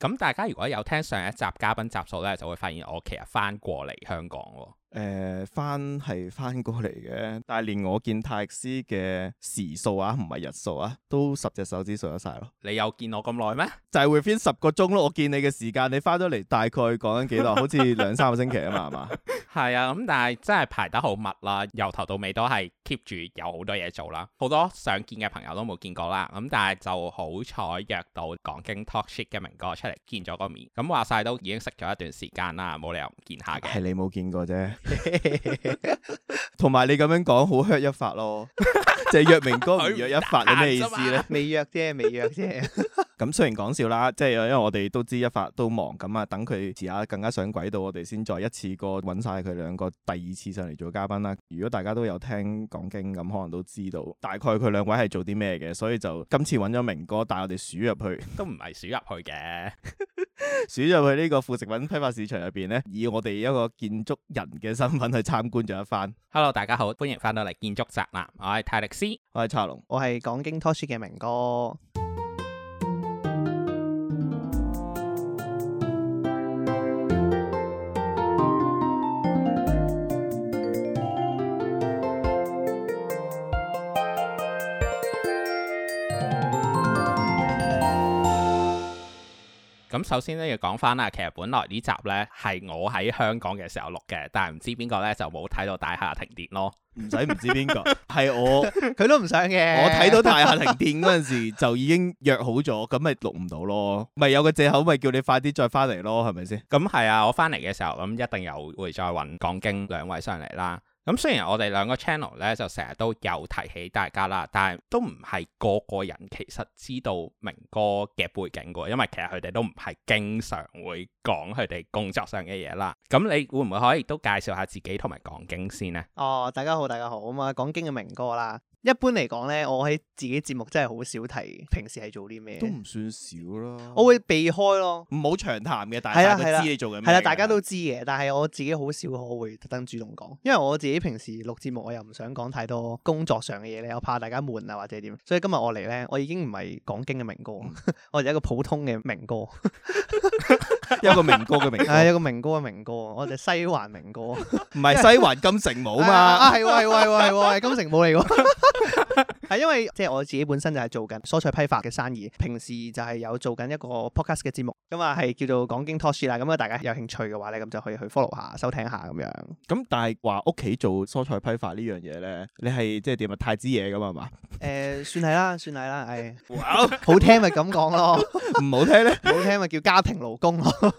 咁大家如果有聽上一集嘉賓集數咧，就會發現我其實返過嚟香港喎。誒、呃，翻係翻過嚟嘅，但係連我見泰斯嘅時數啊，唔係日數啊，都十隻手指數得晒。咯你有見我咁耐咩？就係 within 十個鐘咯。我見你嘅時間，你翻咗嚟大概講緊幾耐？ 好似兩三個星期啊嘛，係嘛 吧？係啊，咁、嗯、但係真係排得好密啦，由頭到尾都係 keep 住有好多嘢做啦，好多想見嘅朋友都冇見過啦。咁、嗯、但係就好彩約到講經 talk shit 嘅明哥出嚟見咗個面。咁話晒都已經識咗一段時間啦，冇理由唔見下嘅。係你冇見過啫。同埋你咁樣講好 hurt 一發咯，就係約明哥唔約一發你咩意思咧？未約啫，未約啫。咁雖然講笑啦，即係因為我哋都知一發都忙，咁啊等佢遲下更加上軌道，我哋先再一次過揾晒佢兩個第二次上嚟做嘉班啦。如果大家都有聽講經咁，可能都知道大概佢兩位係做啲咩嘅，所以就今次揾咗明哥帶我哋鼠入去，都唔係鼠入去嘅，鼠 入去呢個副食品批發市場入邊呢，以我哋一個建築人嘅身份去參觀咗一番。Hello，大家好，歡迎翻到嚟建築宅男，我係泰力斯，我係蔡龍，我係講經拖 o 嘅明哥。咁首先咧，要講翻啦,其實本來呢集咧係我喺香港嘅時候錄嘅，但係唔知邊個咧，就冇睇到大廈停電咯。唔使，唔知邊個係我，佢 都唔想嘅。我睇到大廈停電嗰陣時就已經約好咗，咁咪錄唔到咯。咪 有個借口咪叫你快啲再翻嚟咯，係咪先？咁係啊，我翻嚟嘅時候咁一定又會再揾講經兩位上嚟啦。咁雖然我哋兩個 channel 咧就成日都有提起大家啦，但係都唔係個個人其實知道明哥嘅背景嘅，因為其實佢哋都唔係經常會講佢哋工作上嘅嘢啦。咁你會唔會可以都介紹下自己同埋講經先呢？哦，大家好，大家好啊！講經嘅明哥啦。一般嚟講咧，我喺自己節目真係好少提，平時係做啲咩？都唔算少啦，我會避開咯，唔好長談嘅的。大家都知你做緊咩？係啦，大家都知嘅，但係我自己好少，我會特登主動講，因為我自己平時錄節目，我又唔想講太多工作上嘅嘢，我怕大家悶啊，或者點。所以今日我嚟咧，我已經唔係講經嘅明哥，嗯、我係一個普通嘅明哥， 有一個明哥嘅明哥， 啊、一個明哥嘅明哥，我哋西環明哥，唔係 西環金城武嘛？係係係金城武嚟噶。 係 因為即係我自己本身就係做緊蔬菜批發嘅生意，平時就係有做緊一個 podcast 嘅節目，咁啊係叫做講經 Talkshit 啦，咁啊大家有興趣嘅話咧，咁就可以去 follow 下，收聽下咁樣。咁但係話屋企做蔬菜批發呢樣嘢咧，你係即係點啊太子爺咁啊嘛？誒、 呃，算係啦，算係啦，哎， 好聽咪咁講咯 ，唔好聽咧，唔好聽咪叫家庭勞工咯。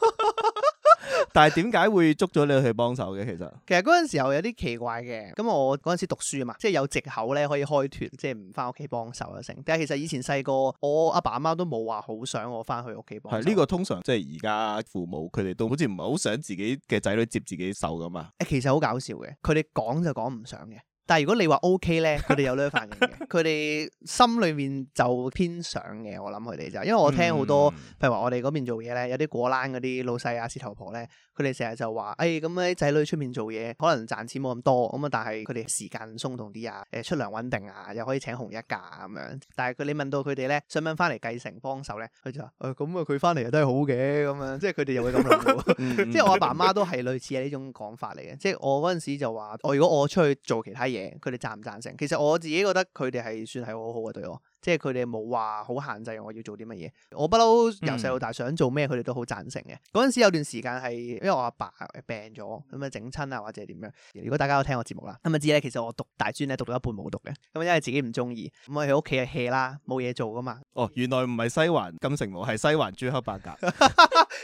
但係點解會捉咗你去幫手嘅？其實 其實嗰陣時候有啲奇怪嘅。咁我嗰陣時讀書啊嘛，即係有藉口咧可以開脫，即係唔翻屋企幫手啊成。但係其實以前細個，我阿爸阿媽都冇話好想我翻去屋企幫手。呢個通常即係而家父母佢哋都好似唔係好想自己嘅仔女接自己手咁嘛。誒，其實好搞笑嘅，佢哋講就講唔上嘅。但如果你話 OK 呢，佢哋有呢個反應嘅，佢哋 心裏面就偏想嘅。我諗佢哋就，因為我聽好多、嗯、譬如話我哋嗰邊做嘢咧，有啲果欄嗰啲老細啊、師頭婆咧。佢哋成日就話，誒咁咧仔女出面做嘢，可能賺錢冇咁多咁啊，但係佢哋時間鬆動啲啊，誒出糧穩定啊，又可以請紅一假咁樣。但係佢你問到佢哋咧，想問翻嚟繼承幫手咧，佢就話誒咁啊，佢翻嚟都係好嘅咁樣，即係佢哋又會咁諗。 即係我阿爸媽都係類似嘅呢種講法嚟嘅。 即係我嗰陣時就話，我、哦、如果我出去做其他嘢，佢哋贊唔贊成？其實我自己覺得佢哋係算係好好嘅對我。即係佢哋冇話好限制我要做啲乜嘢，我不嬲由細到大想做咩佢哋都好贊成嘅。嗰陣，嗯、時有段時間係因為我阿爸、爸病咗，咁啊整親啊或者點樣？如果大家有聽我節目啦，咁啊知咧，其實我讀大專咧讀到一半冇讀嘅，咁啊因為自己唔中意，咁啊喺屋企啊 hea 啦，冇嘢做噶嘛。哦，原來唔係西環金城武係西環朱克伯格。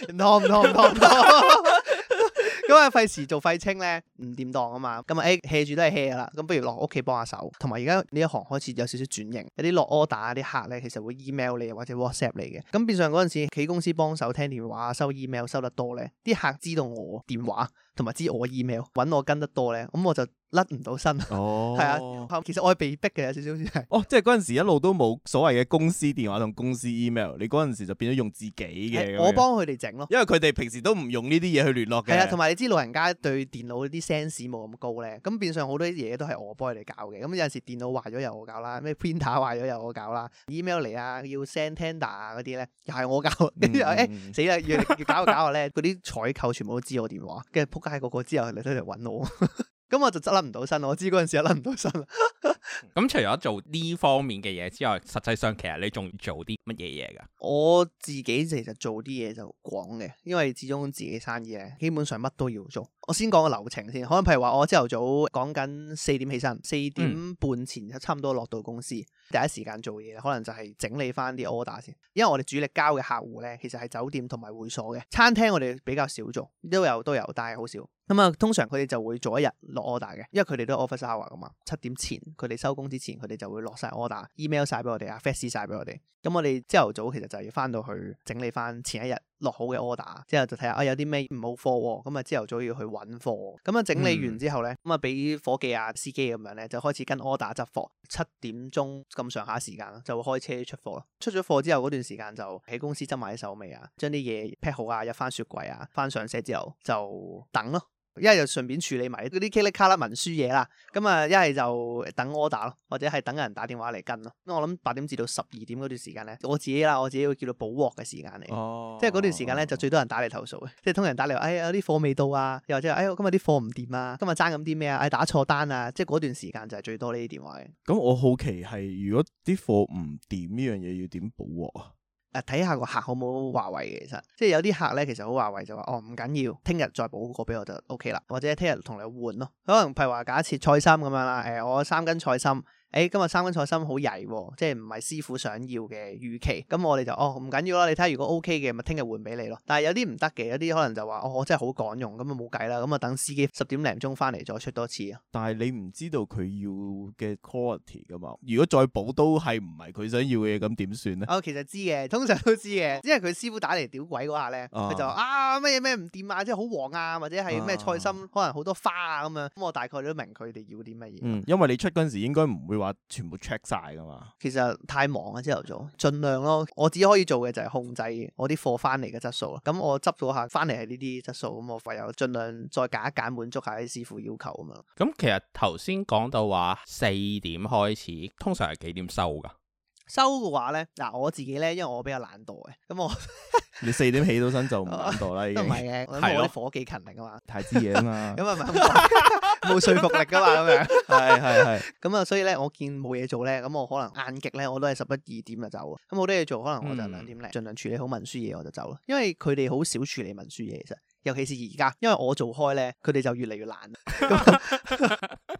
通唔通唔通唔通。因為費事做廢青咧唔掂當啊嘛，咁啊誒 hea 住都係 hea 㗎喇，咁不如落屋企幫下手，同埋而家呢一行開始有少少轉型，有啲落 order 啲客咧其實會 email 你或者 WhatsApp 你嘅，咁變相嗰陣時喺公司幫手聽電話、收 email 收得多咧，啲客知道我電話同埋知我 email 揾我跟得多咧，咁我就甩唔到身，哦，係啊，其實我係被逼嘅，有少少先係。哦，即係嗰陣時一路都冇所謂嘅公司電話同公司 email，你嗰陣時就變咗用自己嘅，欸。我幫佢哋整咯，因為佢哋平時都唔用呢啲嘢去聯絡嘅。係啊、嗯，同埋你知老人家對電腦啲 sense 冇咁高咧，咁變相好多嘢都係我幫佢哋搞嘅。咁有陣時電腦壞咗又我搞啦，咩 printer 壞咗又我搞啦，email 嚟啊要 send tender 啊嗰啲咧又係我搞。跟住誒，死啦要要搞就搞我咧，嗰啲採購全部都知我電話，跟住扑街個個之後你都嚟搵我。 咁我就執捻唔到身，我知嗰陣時捻唔到身。咁除咗做呢方面嘅嘢之外，實際上其實你仲要做啲乜嘢嘢噶？我自己其實做啲嘢就廣嘅，因為始終自己生意，基本上乜都要做。我先講個流程先，可能譬如話我朝頭早講緊四點起身，四點半前就差唔多落到公司。嗯第一時間做嘢，可能就係整理翻啲 order 先，因為我哋主力交嘅客戶咧，其實係酒店同埋會所嘅餐廳，我哋比較少做，都有都有，但係好少。咁啊，通常佢哋就會早一日落 order 嘅，因為佢哋都 office hour 噶嘛，七點前佢哋收工之前，佢哋就會落晒 order，email 晒俾我哋，fax 晒俾我哋。咁我哋朝頭早其實就要翻到去整理翻前一日。落好嘅 order，之後就睇下啊有啲咩唔好貨喎，咁啊朝頭早要去揾貨，咁啊整理完之後咧，咁啊俾伙計啊司機咁樣呢，就開始跟 order 執貨，七點鐘咁上下時間就會開車出貨咯。出咗貨之後嗰段時間就喺公司執埋啲手尾啊，將啲嘢劈好啊，入翻雪櫃啊，翻上車之後就等咯。一係就順便處理埋嗰啲茄哩茄喇文書嘢啦，咁啊一係就等 order 咯，或者係等人打電話嚟跟咯。因為我諗八點至到十二點嗰段時間咧，我自己啦，我自己會叫做補鑊嘅時間嚟，啊、即係嗰段時間咧、啊、就最多人打嚟投訴嘅，即係通常打嚟話，哎呀有啲貨未到啊，又或者，哎今日啲貨唔掂啊，今日爭咁啲咩啊，哎打錯單啊，即係嗰段時間就係最多呢啲電話嘅。咁我好奇係如果啲貨唔掂呢樣嘢要點補鑊啊？誒，睇下個客好唔好華為嘅，其實即係有啲客咧，其實好華為就話，哦，唔緊要，聽日再補個俾我就 O K 啦，或者聽日同你換咯，可能譬如話假設菜心咁樣啦，誒、呃、我三斤菜心。誒、哎，今日三斤菜心好曳，即係唔係師傅想要嘅預期，咁我哋就哦唔緊要啦，你睇下如果 OK 嘅，咪聽日換俾你咯。但係有啲唔得嘅，有啲可能就話哦，我真係好趕用，咁啊冇計啦，咁、嗯、啊等司機十點零鐘翻嚟再出多次啊。但係你唔知道佢要嘅 quality 噶嘛？如果再補都係唔係佢想要嘅嘢，咁點算咧？哦，其實知嘅，通常都知嘅，因為佢師傅打嚟屌鬼嗰下咧，佢、啊、就啊乜嘢乜嘢唔掂啊，即係好黃啊，或者係咩菜心、啊、可能好多花啊咁樣，咁我大概都明佢哋要啲乜嘢。因為你出嗰陣時應該唔會。話全部 check 晒噶嘛，其實太忙啊，朝頭早，盡量咯。我只可以做嘅就係控制我啲貨翻嚟嘅質素啦。咁我執咗下翻嚟係呢啲質素，咁我唯有盡量再揀一揀，滿足下啲師傅要求啊嘛。咁其實頭先講到話四點開始，通常係幾點收噶？收嘅話咧，嗱我自己咧，因為我比較懶惰嘅，咁我你四點起到身就唔懶惰啦，已經唔係嘅，係咯，啲伙計勤力啊嘛，對哦、太子爺嘛。咁啊唔係冇說服力噶嘛，咁樣係係係，咁啊 所以咧，我見冇嘢做咧，咁我可能晏極咧，我都係十一二點就走，咁冇多嘢做，可能我就兩點嚟，盡量處理好文書嘢，我就走啦，因為佢哋好少處理文書嘢，其實。尤其是而家，因為我做開咧，佢哋就越嚟越難。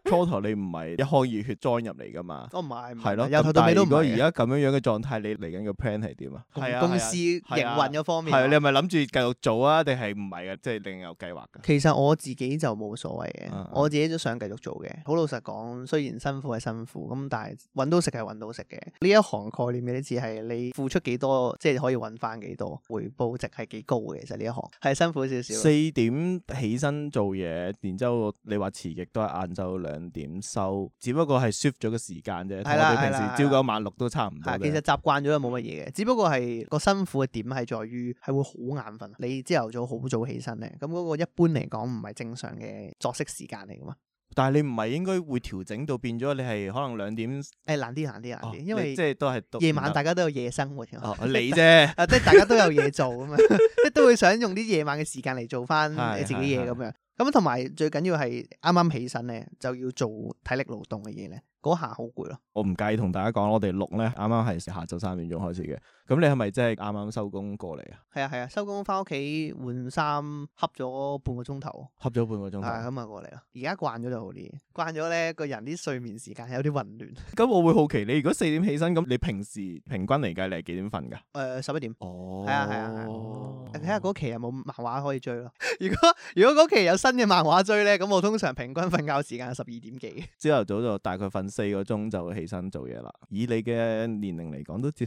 初頭你唔係一腔熱血 join 入嚟㗎嘛？都唔係，係咯。但係如果而家咁樣樣嘅狀態，你嚟緊個 plan 係點啊？係啊，公司營運嗰方面係啊，你係咪諗住繼續做啊？定係唔係啊？即係另有計劃㗎？其實我自己就冇所謂嘅，我自己都想繼續做嘅。好老實講，雖然辛苦係辛苦，咁但係揾到食係揾到食嘅。呢一行概念嘅啲字係你付出幾多，即係可以揾翻幾多回報值係幾高嘅。其實呢一行係辛苦少少。四點起身做嘢，然之後你話遲極都係晏晝兩點收，只不過係 shift 咗個時間啫。你平時朝九晚六都差唔多，其實習慣咗就冇乜嘢嘅，只不過係個辛苦嘅點係在於係會好眼瞓。你朝頭早好早起身咧，咁嗰個一般嚟講唔係正常嘅作息時間嚟噶嘛。但係你唔係應該會調整到變咗你係可能兩點誒，難啲難啲難啲。因為即係都係夜晚大家都有夜生活哦你啫，即係 大家都有嘢做咁啊，即係 都會想用啲夜晚嘅時間嚟做翻你自己嘢咁樣。咁同埋最緊要係啱啱起身咧就要做體力勞動嘅嘢咧。嗰下好攰咯，我唔介意同大家講，我哋錄咧啱啱係下晝三點鐘開始嘅，咁你係咪真係啱啱收工過嚟啊？係啊係啊，收工翻屋企換衫，瞌咗半個鐘頭，瞌咗半個鐘頭，咁啊過嚟咯。而家慣咗就好啲，慣咗咧個人啲睡眠時間有啲混亂。咁我會好奇，你如果四點起身，咁你平時平均嚟計你係幾點瞓噶？誒、呃，十一點。哦，係啊係啊，哦、啊，睇下嗰期有冇漫畫可以追咯。 如果如果嗰期有新嘅漫畫追咧，咁我通常平均瞓覺時間係十二點幾。朝頭早就大概瞓。四個鐘就會起身做嘢啦，以你嘅年齡嚟講都接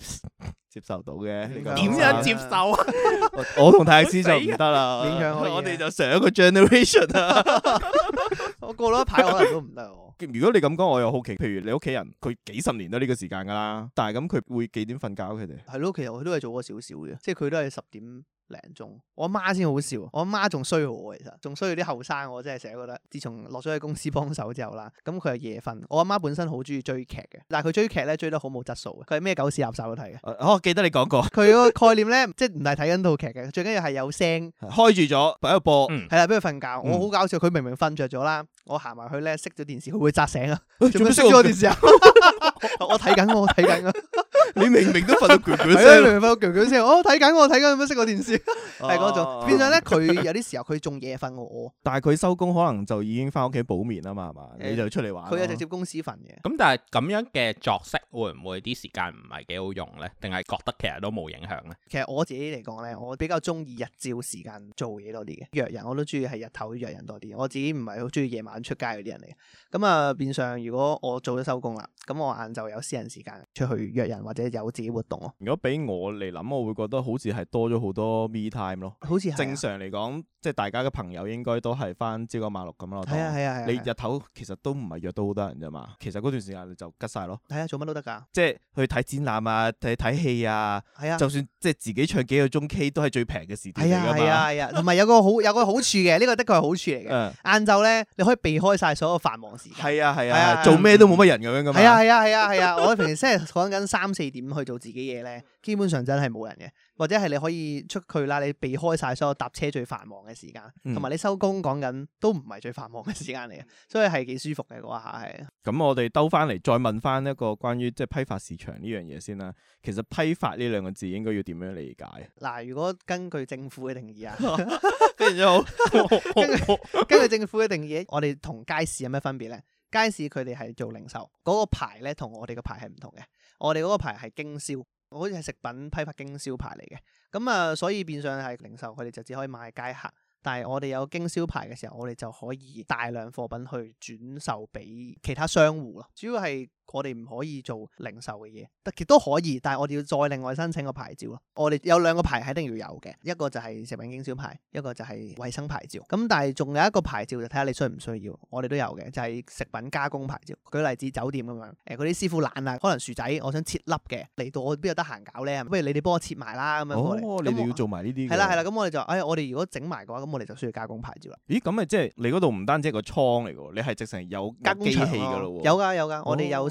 接受到嘅。點樣接受啊？ 我同泰斯就唔得啦， 我哋就成一個 generation 啦。我過咗一排可能都唔得。 如果你咁講，我又好奇，譬如你屋企人，佢幾十年都呢個時間噶啦。但係咁佢會幾點瞓覺？佢哋係咯， 其實佢都係做過少少嘅，即係佢都係十點。零鐘，我阿媽先好笑，我阿媽仲衰我其實仲衰啲後生，我真係成日覺得。自從落咗去公司幫手之後啦，咁佢係夜瞓。我阿媽本身好中意追劇嘅，但係佢追劇咧追得好冇質素，佢係咩狗屎垃圾都睇嘅。哦。哦，記得你講過。佢個概念咧， 即係唔係睇緊套劇嘅，最緊要係有聲開住咗擺喺度播。係啦，嗯，俾佢瞓覺。嗯，我好搞笑，佢明明瞓着咗啦，我行埋去咧熄咗電視，佢會扎醒啊？做乜熄咗電視 啊？我睇緊我睇緊啊！ 你明明都瞓到卷卷聲，係啊，明明瞓到卷卷聲。我睇緊我睇緊乜色個電視，係嗰種。變相咧，佢有啲時候佢仲夜瞓過我，但係佢收工可能就已經翻屋企補眠啊嘛，係嘛、嗯，你就出嚟玩。佢係直接公司瞓嘅。咁、嗯、但係咁樣嘅作息會唔會啲時間唔係幾好用咧？定係覺得其實都冇影響咧？其實我自己嚟講咧，我比較中意日照時間做嘢多啲嘅，約人，我都中意係日頭約人多啲。我自己唔係好中意夜晚出街嗰啲人嚟。咁啊、呃，變相如果我做咗收工啦，咁我晏晝有私人時間出去約人。或者有自己活動咯。如果俾我嚟諗，我會覺得好似係多咗好多 me time 咯。好似係正常嚟講。即係大家嘅朋友，應該都係翻朝九晚六咁咯。係啊係啊係啊！你日頭其實都唔係約到好多人啫嘛。其實嗰段時間你就吉晒咯。係啊，做乜都得噶。即係去睇展覽啊，睇睇戲啊。係啊。就算即係自己唱幾個鐘 K 都係最平嘅時段㗎嘛。係啊係啊係啊！同埋、哎哎、有個好有個好處嘅，呢個的確係好處嚟嘅。晏晝咧，你可以避開晒所有繁忙時間。係啊係啊！做咩都冇乜人咁樣㗎嘛。係啊係啊係啊係啊！我平時即係講緊三四點去做自己嘢咧，基本上真係冇人嘅，或者係你可以出去啦，你避開晒所有搭車最繁忙嘅。時間，同埋、嗯、你收工講緊都唔係最繁忙嘅時間嚟，所以係幾舒服嘅嗰下係。咁、嗯、我哋兜翻嚟再問翻一個關於即係批發市場呢樣嘢先啦。其實批發呢兩個字應該要點樣理解？嗱、嗯，如果根據政府嘅定義啊，跟住， 跟住政府嘅定義，我哋同街市有咩分別咧？街市佢哋係做零售，嗰、嗰個牌咧同我哋個牌係唔同嘅。我哋嗰個牌係經銷。我好似係食品批發經銷牌，嚟嘅。咁啊，所以變相係零售，佢哋就只可以賣街客，但係我哋有經銷牌嘅時候，我哋就可以大量貨品去轉售俾其他商戶咯，主要係。我哋唔可以做零售嘅嘢，但亦都可以，但係我哋要再另外申請個牌照囉。我哋有兩個牌係一定要有嘅，一個就係食品經銷牌，一個就係衛生牌照。咁但係仲有一個牌照就睇、是、下你需唔需要，我哋都有嘅，就係、是、食品加工牌照。舉例子酒店咁樣，誒嗰啲師傅懶啊，可能薯仔 you know、哦、我想切粒嘅嚟到我邊度得閒搞咧，不如 liter version 以你哋幫我切埋啦咁樣。咁你哋要做埋呢啲。係啦係啦，咁、嗯、我哋就誒、哎，我哋如果整埋嘅話，咁我哋就需要加工牌照啦。咦？咁咪即係你嗰度唔單止係個倉嚟㗎，你係直成有機器㗎咯？有㗎有㗎，我哋、oh, 們有。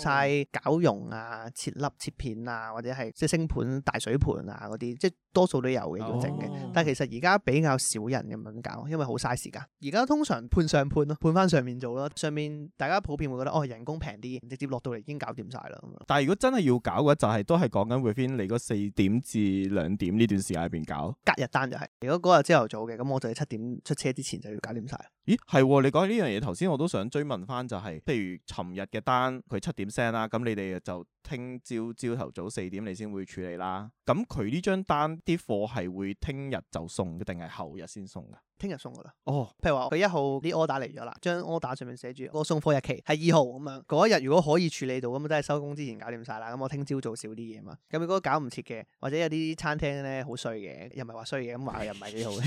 攪蓉啊、切粒、切片啊，或者係即係升盤大水盤啊嗰啲，即係多數都有嘅要整嘅。哦、但係其實而家比較少人咁樣搞，因為好嘥時間。而家通常判上判咯，判翻上面做咯。上面大家普遍會覺得哦人工平啲，直接落到嚟已經搞掂晒啦。咁樣但係如果真係要搞嘅話就係、是、都係講緊 within 你嗰四點至兩點呢段時間入邊搞，隔日單就係、是、如果嗰日朝頭早嘅，咁我就要七點出車之前就要搞掂晒。咦，係喎，你講起呢樣嘢，頭先我都想追問翻、就係，就係譬如尋日嘅單佢七點 send 啦，咁你哋就，聽朝朝頭早四點你先會處理啦，咁佢呢張單啲貨係會聽日就送嘅，定係後日先送噶？聽日送噶啦。哦，譬如話佢一號啲 order 嚟咗啦，將 order 上面寫住個送貨日期係二號咁樣，嗰一日如果可以處理到，咁都係收工之前搞掂晒啦。咁我聽朝做少啲嘢嘛，咁如果搞唔切嘅，或者有啲餐廳咧好衰嘅，又唔係話衰嘅，咁話又唔係幾好嘅，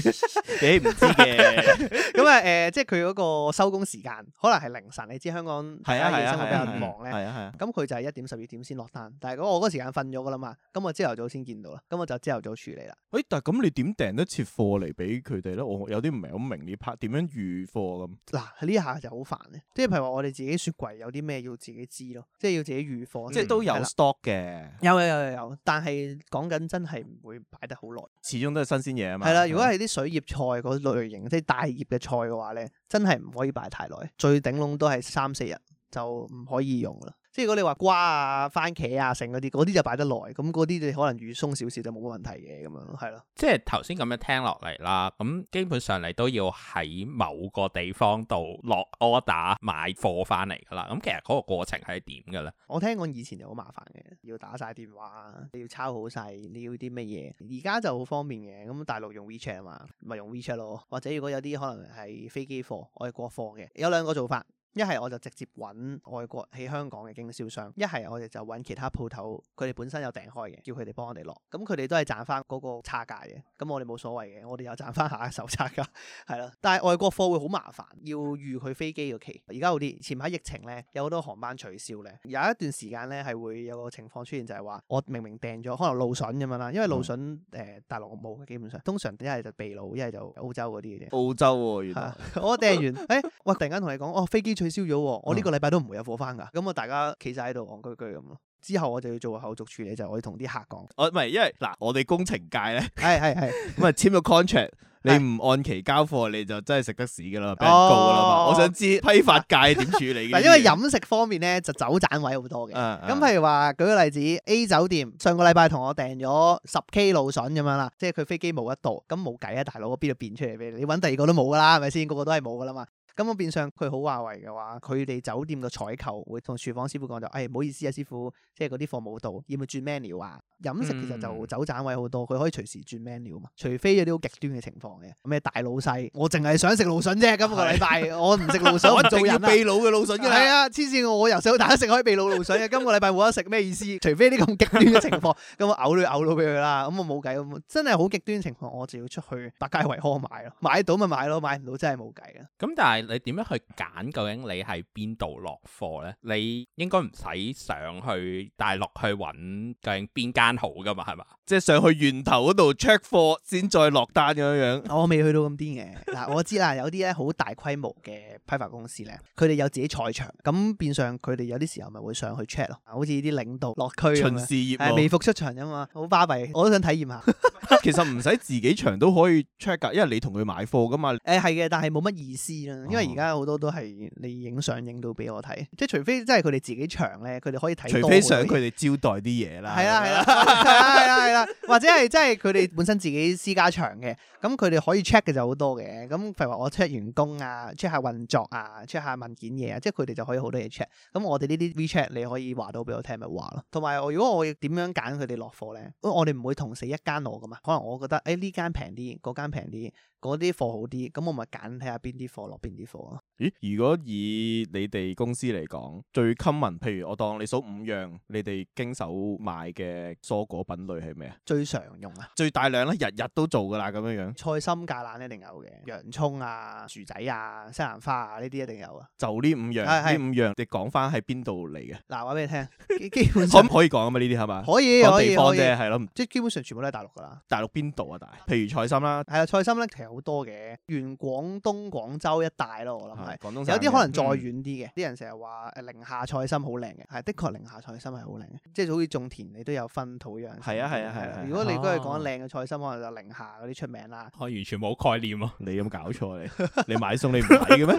你唔知嘅。 咁啊，誒，即係佢嗰個收工時間，可能係凌晨。你知香港係啊，夜生活比較忙咧，係啊係啊。咁佢、啊啊啊、就係一點十二點。先落單，但係嗰個時間瞓咗噶啦嘛，咁我朝頭早先見到啦，咁我就朝頭早處理啦。喂、欸，但係咁你點訂得切貨嚟俾佢哋咧？我有啲唔係好明呢 part，點樣預貨咁？嗱、啊，呢下就好煩咧，即係譬如話我哋自己雪櫃有啲咩要自己知咯，即係要自己預貨，即係都有 stock 嘅。有有有有，但係講緊真係唔會擺得好耐，始終都係新鮮嘢啊嘛。係啦，如果係啲水葉菜嗰類型，即係大葉嘅菜嘅話咧，真係唔可以擺太耐，最頂籠都係三四日就唔可以用啦。即係如果你話瓜啊、番茄啊、剩嗰啲，嗰啲就擺得耐，咁嗰啲你可能預鬆少少就冇乜問題嘅咁樣，係咯。即係頭先咁樣聽落嚟啦，咁基本上你都要喺某個地方度落 order 買貨翻嚟噶啦。咁其實嗰個過程係點㗎喇？我聽講以前就好麻煩嘅，要打晒電話，你要抄好晒，你要啲乜嘢。而家就好方便嘅，咁大陸用 WeChat 嘛，咪用 WeChat 咯。或者如果有啲可能係飛機貨，我哋國貨嘅，有兩個做法。一係我就直接揾外國喺香港嘅經銷商，一係我哋就揾其他鋪頭，佢哋本身有訂開嘅，叫佢哋幫我哋落，咁佢哋都係賺翻嗰個差價嘅，咁我哋冇所謂嘅，我哋又賺翻下一手差價，係 咯。但係外國貨會好麻煩，要預佢飛機個期。而家好啲，前排疫情咧有好多航班取消咧，有一段時間咧係會有個情況出現，就是，就係話我明明訂咗，可能露筍咁樣啦，因為露筍誒、嗯呃、大陸冇嘅基本上，通常一係就秘魯，一係就澳洲嗰啲嘅啫。澳洲喎、啊 哎，原來我訂完，誒，哇！突然間同你講，哦，飛機取消咗，我呢個禮拜都唔會有貨翻噶，咁啊大家企晒喺度戇居居咁咯。之後我就要做後續處理，就我同啲客講，啊，我唔係因為嗱，我哋工程界咧，係係係咁啊簽咗 contract，你唔按期交貨，你就真係食得屎噶啦，俾人告噶啦嘛。哦，我想知批發界點處理？嘅，啊？啊啊啊，因為飲食方面咧就走盞位好多嘅，咁譬，啊啊，如話舉個例子，A 酒店上個禮拜同我訂咗十 K 蘆筍咁樣啦，即係佢飛機冇一度，咁冇計啊，大佬，邊度變出嚟俾你？你揾第二個都冇噶啦，係咪先？個個都係冇噶啦嘛。咁我變相佢好華為嘅話，佢哋酒店嘅採購會同廚房師傅講就，誒、哎、唔好意思啊師傅，即係嗰啲貨冇到，要唔要轉 menu 啊？飲食其實就走盞位好多，佢可以隨時轉 menu 嘛。除非有啲好極端嘅情況嘅，咩大老細，我淨係想食蘆筍啫。今個禮拜 我唔食蘆筍， 我做人 我要秘魯嘅蘆筍嘅。係 啊，黐線我由細大食開秘魯蘆筍嘅， 今個禮拜冇得食咩意思？除非啲咁極端嘅情況，咁 我嘔都嘔到俾佢啦。咁我冇計，真係好極端情況，我就要出去百佳惠康買咯。買到咪買咯，買唔到，到真係冇計嘅。咁但係。你點樣去揀？究竟你喺邊度落貨咧？你應該唔使上去大陸去揾究竟邊間好噶嘛？係嘛？即係上去源頭嗰度 check 貨，先再落單咁樣樣。我未去到咁癲嘅嗱， 我知啦，有啲咧好大規模嘅批發公司咧，佢哋有自己菜場，咁變相佢哋有啲時候咪會上去 check 咯。好似啲領導落區巡視業，係微服出場啫嘛，好巴閉，我都想體驗下。 其實唔使自己場都可以 check 噶，因為你同佢買貨噶嘛。誒係嘅，但係冇乜意思啦。因為而家好多都係你影相影到俾我睇，即係除非真係佢哋自己場咧，佢哋可以睇到。除非想佢哋招待啲嘢啦。係啦係啦係啦係啦， 或者係即係佢哋本身自己私家場嘅，咁佢哋可以 check 嘅就好多嘅。咁譬如話我 check 員工啊，check 下運作啊，check 下文件嘢啊，即係佢哋就可以好多嘢 check。咁我哋呢啲 WeChat 你可以話到俾我聽咪話咯。同埋我如果我點樣揀佢哋落貨咧？我哋唔會同死一間攞噶嘛。可能我覺得誒呢間平啲，嗰間平啲。嗰啲貨好啲，咁我咪揀睇下邊啲貨落邊啲貨咯。咦？如果以你哋公司嚟講，最 common，譬如我當你數五樣，你哋經手買嘅蔬果品類係咩啊？最常用啊！最大量啦、啊，日日都做㗎啦，咁樣樣。菜心、芥蘭一定有嘅，洋葱啊、薯仔啊、西蘭花啊，呢啲一定有啊。就呢五樣，呢是五樣你講翻喺邊度嚟嘅？嗱，話俾你聽， 基本上可唔可以講啊？嘛，呢啲係咪？可以，可以。個地方啫，係咯，即係基本上全部都係大陸㗎啦。大陸邊度啊？大？譬如菜心啦、啊，係啊，菜心咧、啊好多嘅，原廣東廣州一帶咯，我諗係。廣東有啲可能再遠啲嘅，啲人成日話誒寧夏菜心好靚嘅，係的確寧夏菜心係好靚嘅，即係好似種田你都有分土壤。係啊係啊係啊！如果你都係講靚嘅菜心，可能就寧夏嗰啲出名啦。我完全冇概念喎，你有冇搞錯你？你買餸你唔買嘅咩？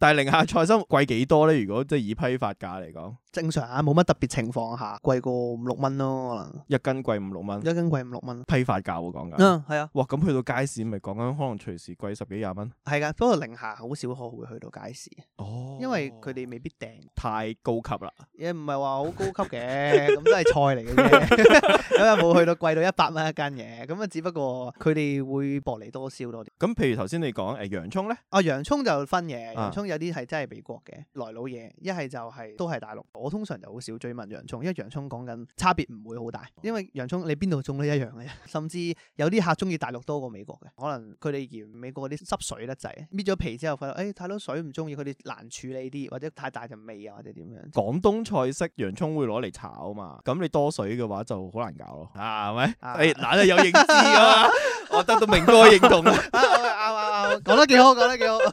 但係寧夏菜心貴幾多咧？如果即係以批發價嚟講，正常啊，冇乜特別情況下，貴過五六蚊咯，可能一斤貴五六蚊，一斤貴五六蚊。批發價我講緊。嗯，係啊。哇，咁去到街市咪講緊。可能隨時貴十幾廿蚊，係噶。不過零下好少可會去到街市，哦，因為佢哋未必訂太高級啦，亦唔係話好高級嘅，咁都係菜嚟嘅。咁 有冇去到貴到一百蚊一斤嘢？咁啊，只不過佢哋會薄利多銷多啲。咁譬如頭先你講誒、呃、洋葱咧，啊，洋葱就分嘢。洋葱有啲係真係美國嘅、啊、來佬嘢，一係就係都係大陸。我通常就好少追問洋葱，因為洋葱講緊差別唔會好大，因為洋葱你邊度種都一樣嘅。甚至有啲客中意大陸多過美國嘅，可能。佢哋嫌美國啲濕水得滯，搣咗皮之後發現，誒、哎、太多水唔中意，佢哋難處理啲，或者太大陣味啊，或者點樣？廣東菜式洋葱會攞嚟炒嘛？咁你多水嘅話就好難搞咯、啊，係、啊、咪？誒，嗱，你有認知啊嘛？ 我得到明哥認同，啱啱啱，講得幾好，講得幾好。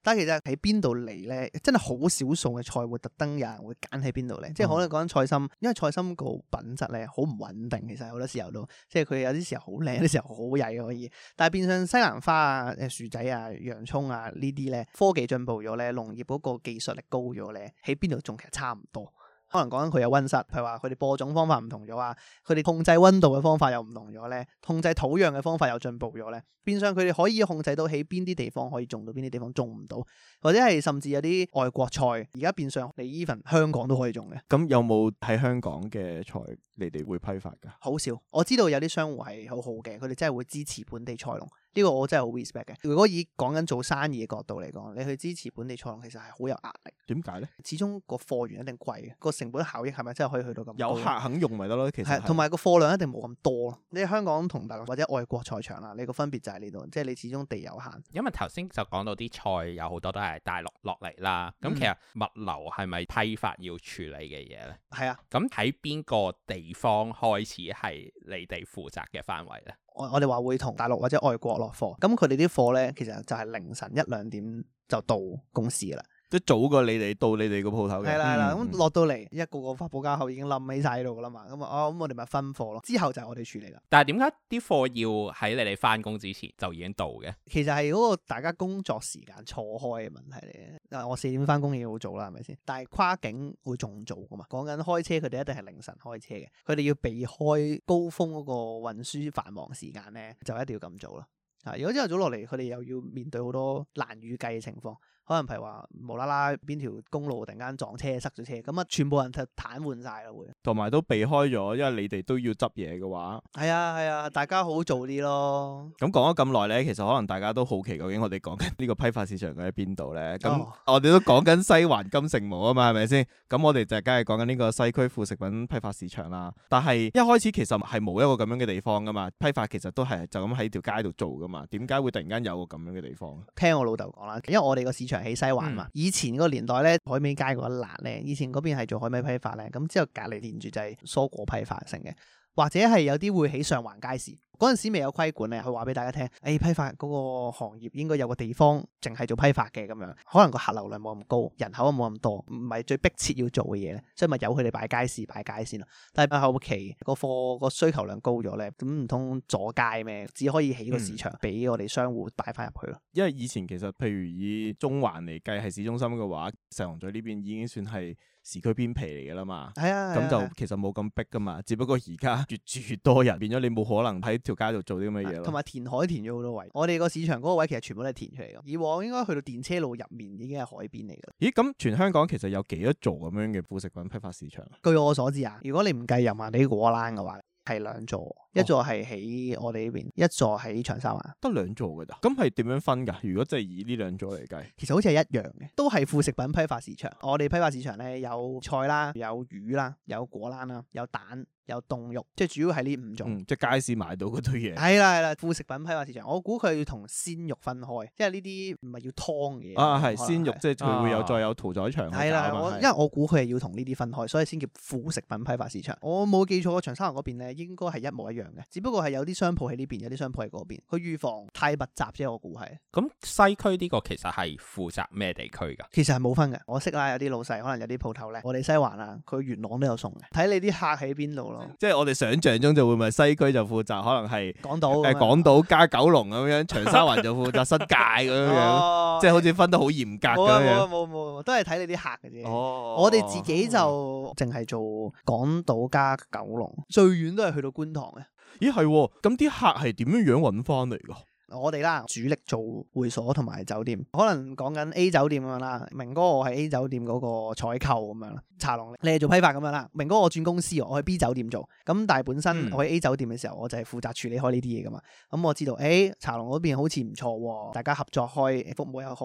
但係其實喺邊度嚟咧，真係好少數嘅菜會特登有人會揀喺邊度嚟，嗯、即係可能講緊菜心，因為菜心個品質咧好唔穩定，其實好多時候都，即係佢有啲時候好靚，有啲時候好曳可以，但係變相。西蘭花啊、誒薯仔啊、洋葱啊呢啲咧，科技進步咗咧，農業嗰個技術力高咗咧，喺邊度種其實差唔多。可能講緊佢有溫室，譬如話，佢哋播種方法唔同咗啊，佢哋控制溫度嘅方法又唔同咗咧，控制土壤嘅方法又進步咗咧，變相佢哋可以控制到喺邊啲地方可以種到，邊啲地方種唔到，或者係甚至有啲外國菜，而家變相你 even 香港都可以種嘅。咁有冇喺香港嘅菜你哋會批發噶？好少，我知道有啲商戶係好好嘅，佢哋真係會支持本地菜咯。呢個我真係好 respect 嘅。如果以講緊做生意嘅角度嚟講，你去支持本地菜場，其實係好有壓力。點解呢？始終個貨源一定貴嘅，個成本效益係咪真係可以去到咁？有客肯用咪得咯？其實同埋個貨量一定冇咁多咯。你香港同大陸或者外國菜場啦，你個分別就係呢度，即係你始終地有限。因為頭先就講到啲菜有好多都係大陸落嚟啦，咁其實物流係咪批發要處理嘅嘢呢？係啊、嗯，咁喺邊個地方開始係你哋負責嘅範圍呢？我哋話會同大陸或者外國落貨，咁佢哋啲貨咧，其實就係凌晨一兩點就到公司啦。都早過你哋到你哋個鋪頭嘅，係啦，係啦，咁落到嚟，一個個發貨家口已經冧起晒度噶啦嘛，咁、嗯、啊，哦、嗯，咁、嗯、我哋咪分貨咯。之後就係我哋處理啦。但係點解啲貨要喺你哋翻工之前就已經到嘅？其實係嗰個大家工作時間錯開嘅問題嚟嘅。嗱，我四點翻工已經好早啦，係咪先？但係跨境會仲早噶嘛？講緊開車，佢哋一定係凌晨開車嘅，佢哋要避開高峰嗰個運輸繁忙時間咧，就一定要咁做啦。吓、啊，如果朝頭早落嚟，佢哋又要面對好多難預計嘅情況。可能唔係話無啦啦邊條公路突然間撞車塞咗車，咁咪全部人就癱瘓晒啦會。同埋都避開咗，因為你哋都要執嘢嘅話，係啊係啊，大家好做啲咯。咁講咗咁耐咧，其實可能大家都好奇，究竟我哋講緊呢個批發市場喺邊度咧？咁、哦、我哋都講緊西環金城武啊嘛，係咪先？咁我哋就梗係講緊呢個西區副食品批發市場啦。但係一開始其實係冇一個咁樣嘅地方噶嘛，批發其實都係就咁喺條街度做噶嘛。點解會突然間有個咁樣嘅地方？聽我老豆講啦，因為我哋個市場喺西環嘛、嗯以。以前個年代咧，海味街嗰一欄咧，以前嗰邊係做海味批發咧，咁之後隔籬。住就係蔬果批發性嘅，或者係有啲會起上環街市嗰陣時未有規管咧，佢話俾大家聽，誒、哎、批發嗰個行業應該有個地方，淨係做批發嘅咁樣，可能個客流量冇咁高，人口啊冇咁多，唔係最迫切要做嘅嘢咧，所以咪由佢哋擺街市擺街先咯。但係後期個貨個需求量高咗咧，咁唔通阻街咩？只可以起個市場俾、嗯、我哋商戶擺翻入去咯。因為以前其實譬如以中環嚟計係市中心嘅話，石塘咀呢邊已經算係。市區邊皮嚟嘅啦嘛，係啊，咁、啊、就其實冇咁逼噶嘛，啊啊、只不過而家越住越多人，變咗你冇可能喺條街度做啲咁嘅嘢咯。同埋、啊、填海填咗好多位，我哋個市場嗰個位其實全部都係填出嚟嘅。以往應該去到電車路入面已經係海邊嚟㗎啦。咦？咁全香港其實有幾多座咁樣嘅副食品批發市場？據我所知啊，如果你唔計油麻地果欄嘅話。係兩座，一座係喺我哋呢邊，一座喺長沙灣。得、哦、兩座噶咋？咁係點樣分噶？如果真係以呢兩座嚟計，其實好似係一樣嘅，都係副食品批發市場。我哋批發市場咧，有菜啦，有魚啦，有果欄啦，有蛋。有凍肉，即係主要係呢五種，嗯、即係街市買到嗰堆嘢。係啦，係啦，副 食品批發市場，我估佢要同鮮肉分開，因為呢啲唔係要劏嘅。啊係，鮮肉即係佢會有、啊、再有屠宰場。係啦，因為我估佢係要同呢啲分開，所以先叫副食品批發市場。我冇記錯，長沙灣嗰邊咧應該係一模一樣嘅，只不過係有啲商鋪喺呢邊，有啲商鋪喺嗰邊。佢預防太密集啫，我估係。咁、嗯、西區呢個其實係負責咩地區噶？其實係冇分嘅。我識啦，有啲老細可能有啲鋪頭咧，我哋西環啊，佢元朗都有送嘅。睇你啲客喺邊度。即係我哋想象中就會咪西區就負責，可能係港島，誒港島加九龍咁樣，長沙灣就負責新界咁樣， 哦、即係好似分得好嚴格咁樣。冇冇冇，都係睇你啲客嘅啫。哦、我哋自己就淨係做港島加九龍，哦、最遠都係去到觀塘嘅。咦係喎，咁啲、哦、客係點樣樣搵翻嚟噶？我哋啦，主力做會所同埋酒店，可能講緊 A 酒店咁樣啦。明哥我係 A 酒店嗰個採購咁樣啦，茶廊你係做批發咁樣啦。明哥我轉公司，我去 B 酒店做，咁但係本身我喺 A 酒店嘅時候，我就係負責處理開呢啲嘢㗎嘛。咁我知道，誒、哎、茶廊嗰邊好似唔錯，大家合作開，服務又好，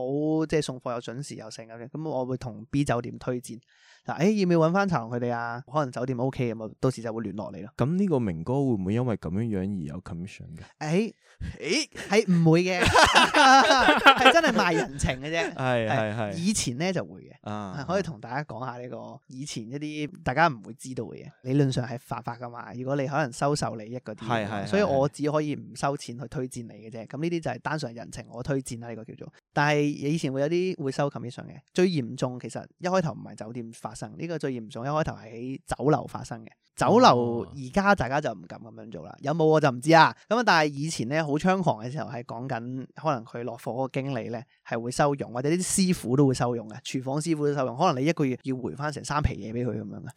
即係送貨又準時又成咁樣。咁我會同 B 酒店推薦嗱，誒要唔要搵返茶廊佢哋啊？可能酒店 OK 咁啊，到時就會聯絡你咯。咁呢個明哥會唔會因為咁樣樣而有 commission 嘅？誒誒、哎。哎 係唔、欸、會嘅，係 真係賣人情嘅啫。係係係。以前咧就會嘅，啊，可以同大家講下呢、這個以前一啲大家唔會知道嘅嘢。理論上係犯法噶嘛，如果你可能收受利益嗰啲。係係。所以我只可以唔收錢去推薦你嘅啫。咁呢啲就係單純人情，我推薦啦呢個叫做。但係以前會有啲會收 commission 嘅。最嚴重其實一開頭唔係酒店發生，呢、這個最嚴重一開頭係喺酒樓發生嘅。酒樓而家大家就唔敢咁樣做啦，有冇我就唔知啊。咁、嗯、啊，但係以前咧好猖狂嘅時候係講緊，可能佢落貨嗰個經理咧係會收傭，或者啲師傅都會收傭嘅，廚房師傅都收傭，可能你一個月要回翻成三皮嘢俾佢咁樣嘅。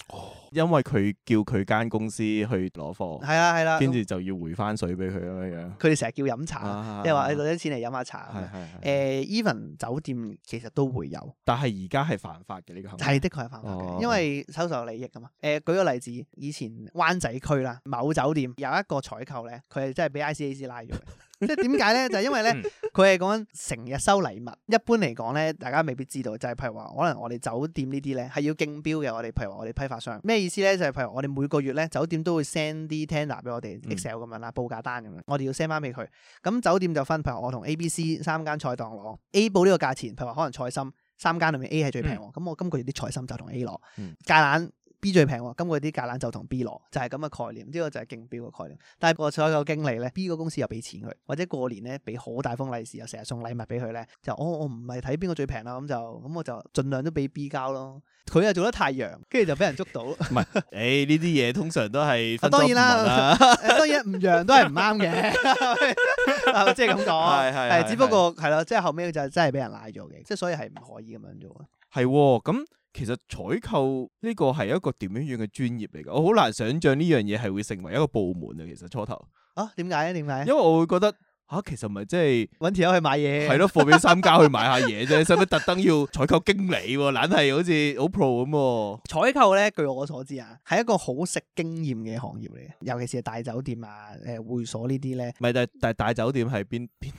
因為佢叫佢間公司去攞貨，係啊係啦，跟住、啊、就要回翻水俾佢咁樣樣。佢哋成日叫飲茶，啊、即係話你攞啲錢嚟飲下茶咁樣。誒，even 酒店其實都會有，但係而家係犯法嘅呢、呢個行為。係的確係犯法嘅，因為收受利益啊嘛。誒、呃，舉個例子。以前灣仔區啦，某酒店有一個採購咧，佢係真係俾 ICAC 拉咗。即係點解咧？就係、是、因為咧，佢係講成日收禮物。一般嚟講咧，大家未必知道。就係、是、譬如話，可能我哋酒店呢啲咧係要競標嘅。我哋譬如話，我哋批發商咩意思咧？就係、是、譬如我哋每個月咧，酒店都會 send 啲 tender 俾我哋、嗯、Excel 咁樣啦，報價單咁樣。我哋要 send 翻俾佢。咁酒店就分，譬如我同 A、B、C 三間菜檔攞 A 報呢個價錢。譬如話，可能菜心三間裏面 A 係最平，咁、嗯、我今個月啲菜心就同 A 攞。芥蘭，B 最平，今個月啲芥蘭就同 B 攞，就係咁嘅概念，呢、這個就係競標嘅概念。但係我所有個經理咧，B 個公司又俾錢佢，或者過年咧俾好大封利是，又成日送禮物俾佢咧，就、哦、我我唔係睇邊個最平啦，咁、嗯、就咁、嗯、我就盡量都俾 B 交咯。佢又做得太陽，跟住就俾人捉到。唔係、哎、誒呢啲嘢通常都係、啊、當然啦，當然唔陽都係唔啱嘅，即係咁講，係係， 只不過係咯，即係後尾就真係俾人拉咗嘅，即係所以係唔可以咁樣做。係咁，其實採購呢個係一個點樣樣嘅專業嚟噶，我好難想象呢樣嘢係會成為一個部門啊。其實初頭啊，點解咧？點解？因為我會覺得吓、啊，其實唔係即係搵條友去買嘢，係咯，貨比三家去買下嘢啫，使使特登要採購經理、啊，懶係好似好 pro 咁、啊。採購咧，據我所知啊，係一個好食經驗嘅行業嚟，尤其是係大酒店啊、誒、呃、會所呢啲咧，咪就係就係大酒店係邊邊？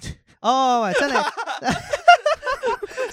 哦，真係。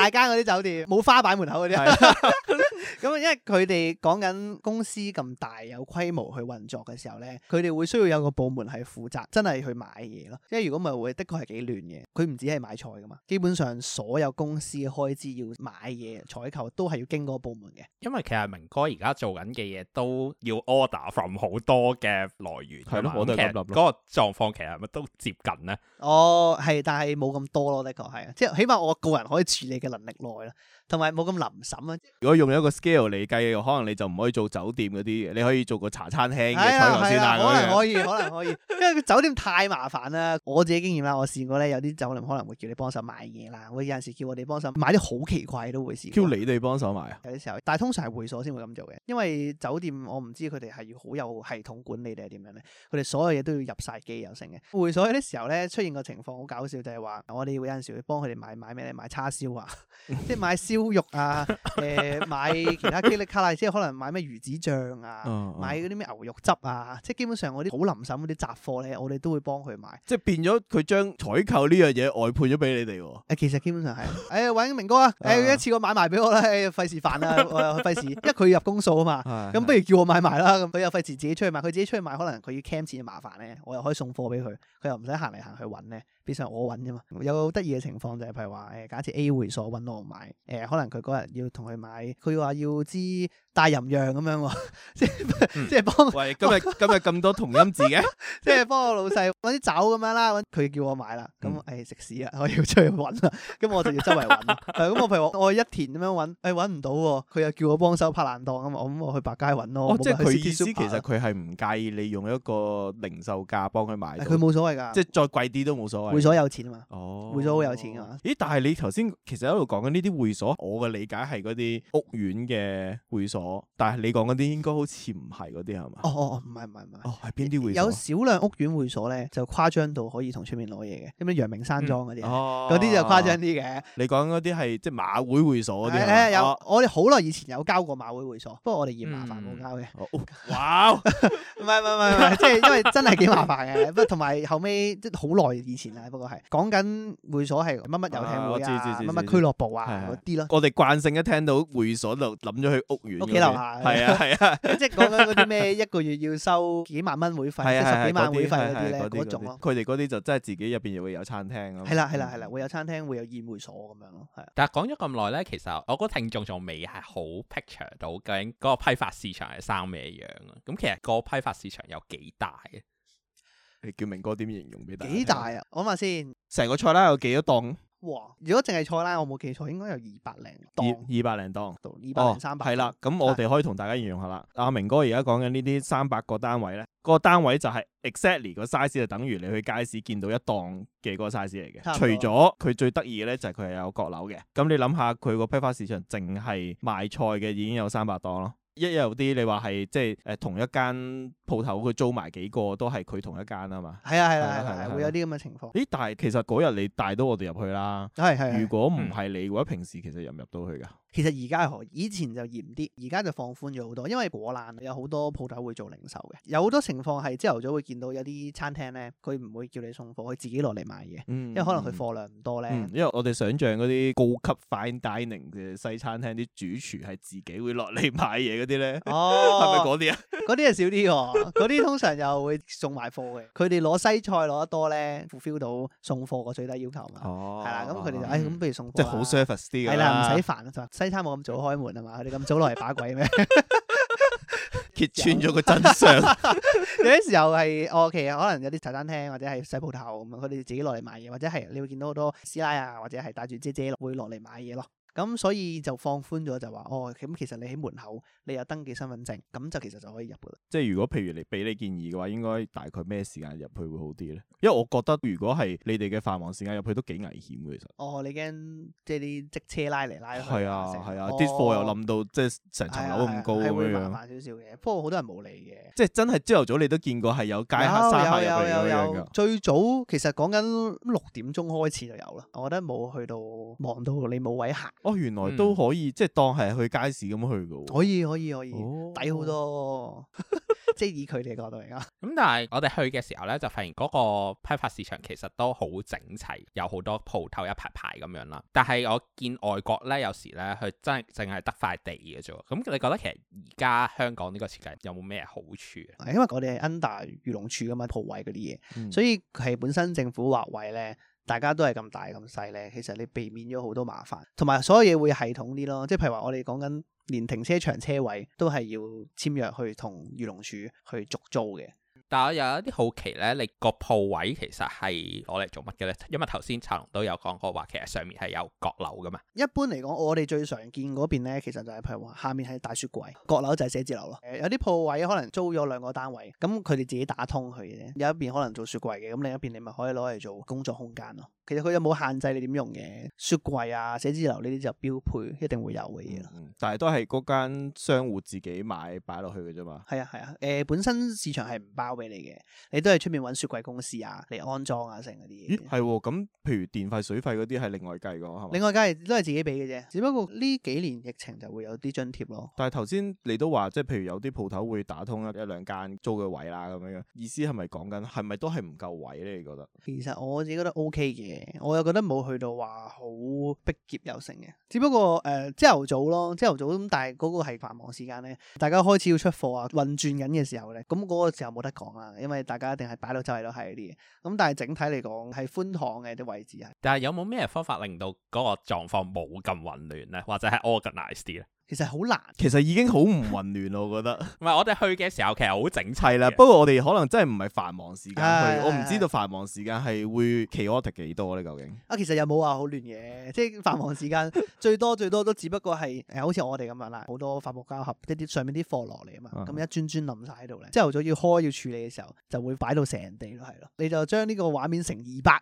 大間嗰啲酒店冇花擺門口嗰啲，咁因為佢哋講緊公司咁大有規模去運作嘅時候咧，佢哋會需要有個部門係負責真係去買嘢咯。因為如果唔係會，的確係幾亂嘅。佢唔止係買菜㗎嘛，基本上所有公司嘅開支要買嘢採購都係要經過部門嘅。因為其實明哥而家做緊嘅嘢都要 order from 好多嘅來源，係咯的，嗯、我其實嗰個狀況其實咪都接近咧。哦，係，但係冇咁多咯，的確係，即係起碼我個人可以處理嘅。能力內啦，同埋冇咁臨審啊！如果用一個 scale 嚟計，可能你就唔可以做酒店嗰啲，你可以做個茶餐廳嘅可能先啦嗰可以， 可能可以，因為酒店太麻煩啦。我自己經驗啦，我試過咧，有啲酒店可能會叫你幫手買嘢啦。會有陣時叫我哋幫手買啲好奇怪都會試，叫你哋幫手買啊！有啲時候，但係通常係會所先會咁做嘅，因為酒店我唔知佢哋係要好有系統管理定係點樣咧。佢哋所有嘢都要入晒機又成嘅。會所有啲時候咧出現個情況好搞笑，就係話我哋會有陣時會幫佢哋買買咩咧？買叉燒啊！ 即係買燒肉啊，誒、呃、買其他雞力卡啦，即係可能買咩魚子醬啊，買嗰啲咩牛肉汁啊，即係基本上我啲好臨省嗰啲雜貨咧，我哋都會幫佢買。即係變咗佢將採購呢樣嘢外判咗俾你哋，啊。誒，其實基本上係，誒、哎，搵明哥啊，誒、哎，一次過買埋俾我啦，費事煩啦，我又費事， 因為佢要入公數啊嘛。咁 不如叫我買埋啦，佢又費事自己出去買，佢自己出去買可能佢要慳錢就麻煩咧，我又可以送貨俾佢，佢又唔使行嚟行去揾咧。其實我揾啫嘛，有得意嘅情況就係譬如話，誒假設 A 會所揾我買，誒、呃、可能佢嗰日要同佢買，佢話要支大淫羊咁樣、哦，即即係幫、嗯。喂，今日 今日咁多同音字嘅，即係 幫我老細揾啲酒咁樣啦，佢叫我買啦，咁誒食屎啊！我要出去揾啦，咁我就要周圍揾。係咁， 嗯、我譬如我一田咁樣揾，誒揾唔到喎、哦，佢又叫我幫手拍爛檔啊嘛、嗯，我咁我去百佳揾咯。哦、即係佢意思 去 其實佢係唔介意你用一個零售價幫佢買。佢冇所謂㗎，即係再貴啲都冇所謂。會所有錢啊嘛，會所好有錢啊嘛，咦？但係你頭先其實喺度講緊呢啲會所，我嘅理解係嗰啲屋苑嘅會所，但係你講嗰啲應該好似唔係嗰啲係嘛？哦哦哦，唔係唔係唔係，哦係邊啲會所？有少量屋苑會所咧，就誇張到可以同出面攞嘢嘅，咁樣陽明山莊嗰啲，嗰啲就誇張啲嘅。你講嗰啲係即係馬會會所嗰啲？有，我哋好耐以前有交過馬會會所，不過我哋嫌麻煩冇交嘅。哇，唔係唔係唔係，即係因為真係幾麻煩嘅，不過，同埋後尾，即係好耐以前唉，不過係講緊會所係乜乜遊艇會啊，乜乜俱樂部啊嗰啲咯。我哋慣性一聽到會所就諗咗去屋苑。屋企樓下係啊係啊，即係講緊嗰啲咩一個月要收幾萬蚊會費，即係十幾萬會費嗰啲咧，嗰種咯。佢哋嗰啲就真係自己入邊又會有餐廳。係啦係啦係啦，會有餐廳，會有宴會所咁樣咯。係。但係講咗咁耐咧，其實我個聽眾仲未係好 picture 到究竟嗰個批發市場係生咩樣啊？咁其實個批發市場有幾大？你叫明哥點形容俾大家？幾大啊？我諗下先。成個菜欄，有幾多檔？哇！如果淨係菜欄，我冇記錯，應該有檔二,二百零檔。二二百零檔。哦，三百。係啦，咁我哋可以同大家形容下啦。阿明哥而家講緊呢啲三百個單位咧，個單位就係 exactly 個 size 就等於你去街市見到一檔嘅個 size 嚟嘅。除咗佢最得意嘅咧，就係佢係有閣樓嘅。咁你諗下，佢個批發市場淨係賣菜嘅已經有三百檔咯。一有啲你話係即係誒、呃、同一間鋪頭佢租埋幾個都係佢同一間啊嘛，係啊係啊係啊，會有啲咁嘅情況。咦但係其實嗰日你帶到我哋入去啦，係係的。如果唔係你，我覺得平時其實入唔入到去噶。其實而家係可以，以前就嚴啲，而家就放寬咗好多。因為果欄，有好多鋪頭會做零售嘅，有好多情況係朝頭早會見到有啲餐廳咧，佢唔會叫你送貨，佢自己落嚟買嘢，因為可能佢貨量唔多咧，嗯嗯。因為我哋想像嗰啲高級 fine dining 嘅西餐廳啲主廚係自己會落嚟買嘢嗰啲咧，係咪嗰啲啊？嗰啲係少啲，嗰啲 通常又會送埋貨嘅。佢哋攞西菜攞得多咧 fulfil 到送貨個最低要求嘛。哦，係啦，咁佢哋就誒，咁、哎、不如送貨即係好 service 啲㗎，啊，係啦，唔使煩。西餐冇咁早開門吖嘛？佢哋咁早落嚟把鬼咩？ 揭穿咗個真相。 有啲時候係我、哦、其實可能有啲茶餐廳或者係細鋪頭咁，佢哋自己落嚟買嘢，或者係你會見到好多師奶啊，或者係帶住姐姐落會落嚟買嘢咯。咁所以就放寬咗，就話哦，咁其實你喺門口，你有登記身份證，咁就其實就可以入㗎啦。即係如果譬如你俾你建議嘅話，應該大概咩時間入去會好啲咧？因為我覺得如果係你哋嘅繁忙時間入去都幾危險嘅，其實。哦，你驚即係啲積車拉嚟拉去。係啊，係啊，啲貨又冧到即係成層樓咁高咁樣。麻煩少少嘅，不過好多人冇嚟嘅。即係真係朝頭早你都見過係有街客、散客入嚟咁樣㗎。最早其實講緊六點鐘開始就有啦，我覺得冇去到忙到你冇位行。哦、原來都可以、嗯、即係當係去街市咁去嘅喎，可以可以可以，抵好、哦、多， 即係以佢哋角度嚟講。咁、嗯、但係我哋去嘅時候咧，就發現嗰個批發市場其實都好整齊，有好多鋪頭一排一排咁樣啦。但係我見外國咧，有時咧佢真係淨係得塊地嘅啫。咁、嗯嗯、你覺得其實而家香港呢個設計有冇咩好處啊？因為我哋係 under 漁農處嘅嘛鋪位嗰啲嘢，嗯、所以佢係本身政府劃位咧。大家都係咁大咁細咧，其實你避免咗好多麻煩，同埋所有嘢會系統啲咯。即係譬如話，我哋講緊連停車場車位都係要簽約去同漁農署去續租嘅。但我有一啲好奇咧，你個鋪位其實係攞嚟做乜嘅咧？因為頭先茶龍都有講過話，其實上面係有閣樓噶嘛。一般嚟講，我哋最常見嗰邊咧，其實就係譬如話，下面係大雪櫃，閣樓就係寫字樓咯。誒、呃，有啲鋪位可能租咗兩個單位，咁佢哋自己打通佢嘅啫。有一邊可能做雪櫃嘅，咁另一邊你咪可以攞嚟做工作空間咯。其實佢有冇限制你點用嘅？雪櫃啊、寫字樓呢啲就標配，一定會有嘅嘢咯。但係都係嗰間商戶自己買擺落去嘅啫嘛。係啊係啊，誒、啊呃、本身市場係唔包，俾你嘅，你都係出面揾雪櫃公司啊，嚟安裝啊，成嗰啲嘢。係咁，哦、譬如電費、水費嗰啲係另外計嘅，係嘛？另外，計都係自己俾嘅啫。只不過呢幾年疫情就會有啲津貼咯。但係頭先你都話，即係譬如有啲鋪頭會打通一、一兩間租嘅位啦，咁樣樣。意思係咪講緊係咪都係唔夠位咧？你覺得？其實我自己覺得 OK 嘅，我又覺得冇去到話好逼夾又成嘅。只不過誒、呃，朝頭早咯，朝頭早咁，但係嗰個係繁忙時間咧，大家開始要出貨啊，運轉緊嘅時候咧，咁、那、嗰個時候冇得講。因為大家一定係擺到周圍都係嗰啲咁，但係整體嚟講係寬敞嘅啲位置啊。但係有冇咩方法令到嗰個狀況冇咁混亂咧，或者係 organized 啲咧？其實好難，其實已經好唔混亂咯，我覺得。唔係，我哋去嘅時候其實好整齊啦， 不過我哋可能真係唔係繁忙時間去，哎、呀我唔知道繁忙時間係會 chaotic 幾多咧，究竟？啊，其實又冇話好亂嘅， 即係繁忙時間最多最多都只不過係，誒， 好似我哋咁樣啦，好多發泡膠盒，一啲上面啲貨落嚟啊嘛，咁 一樽樽冧晒喺度咧，朝頭早要開要處理嘅時候，就會擺到成地咯，係咯，你就將呢個畫面成二百。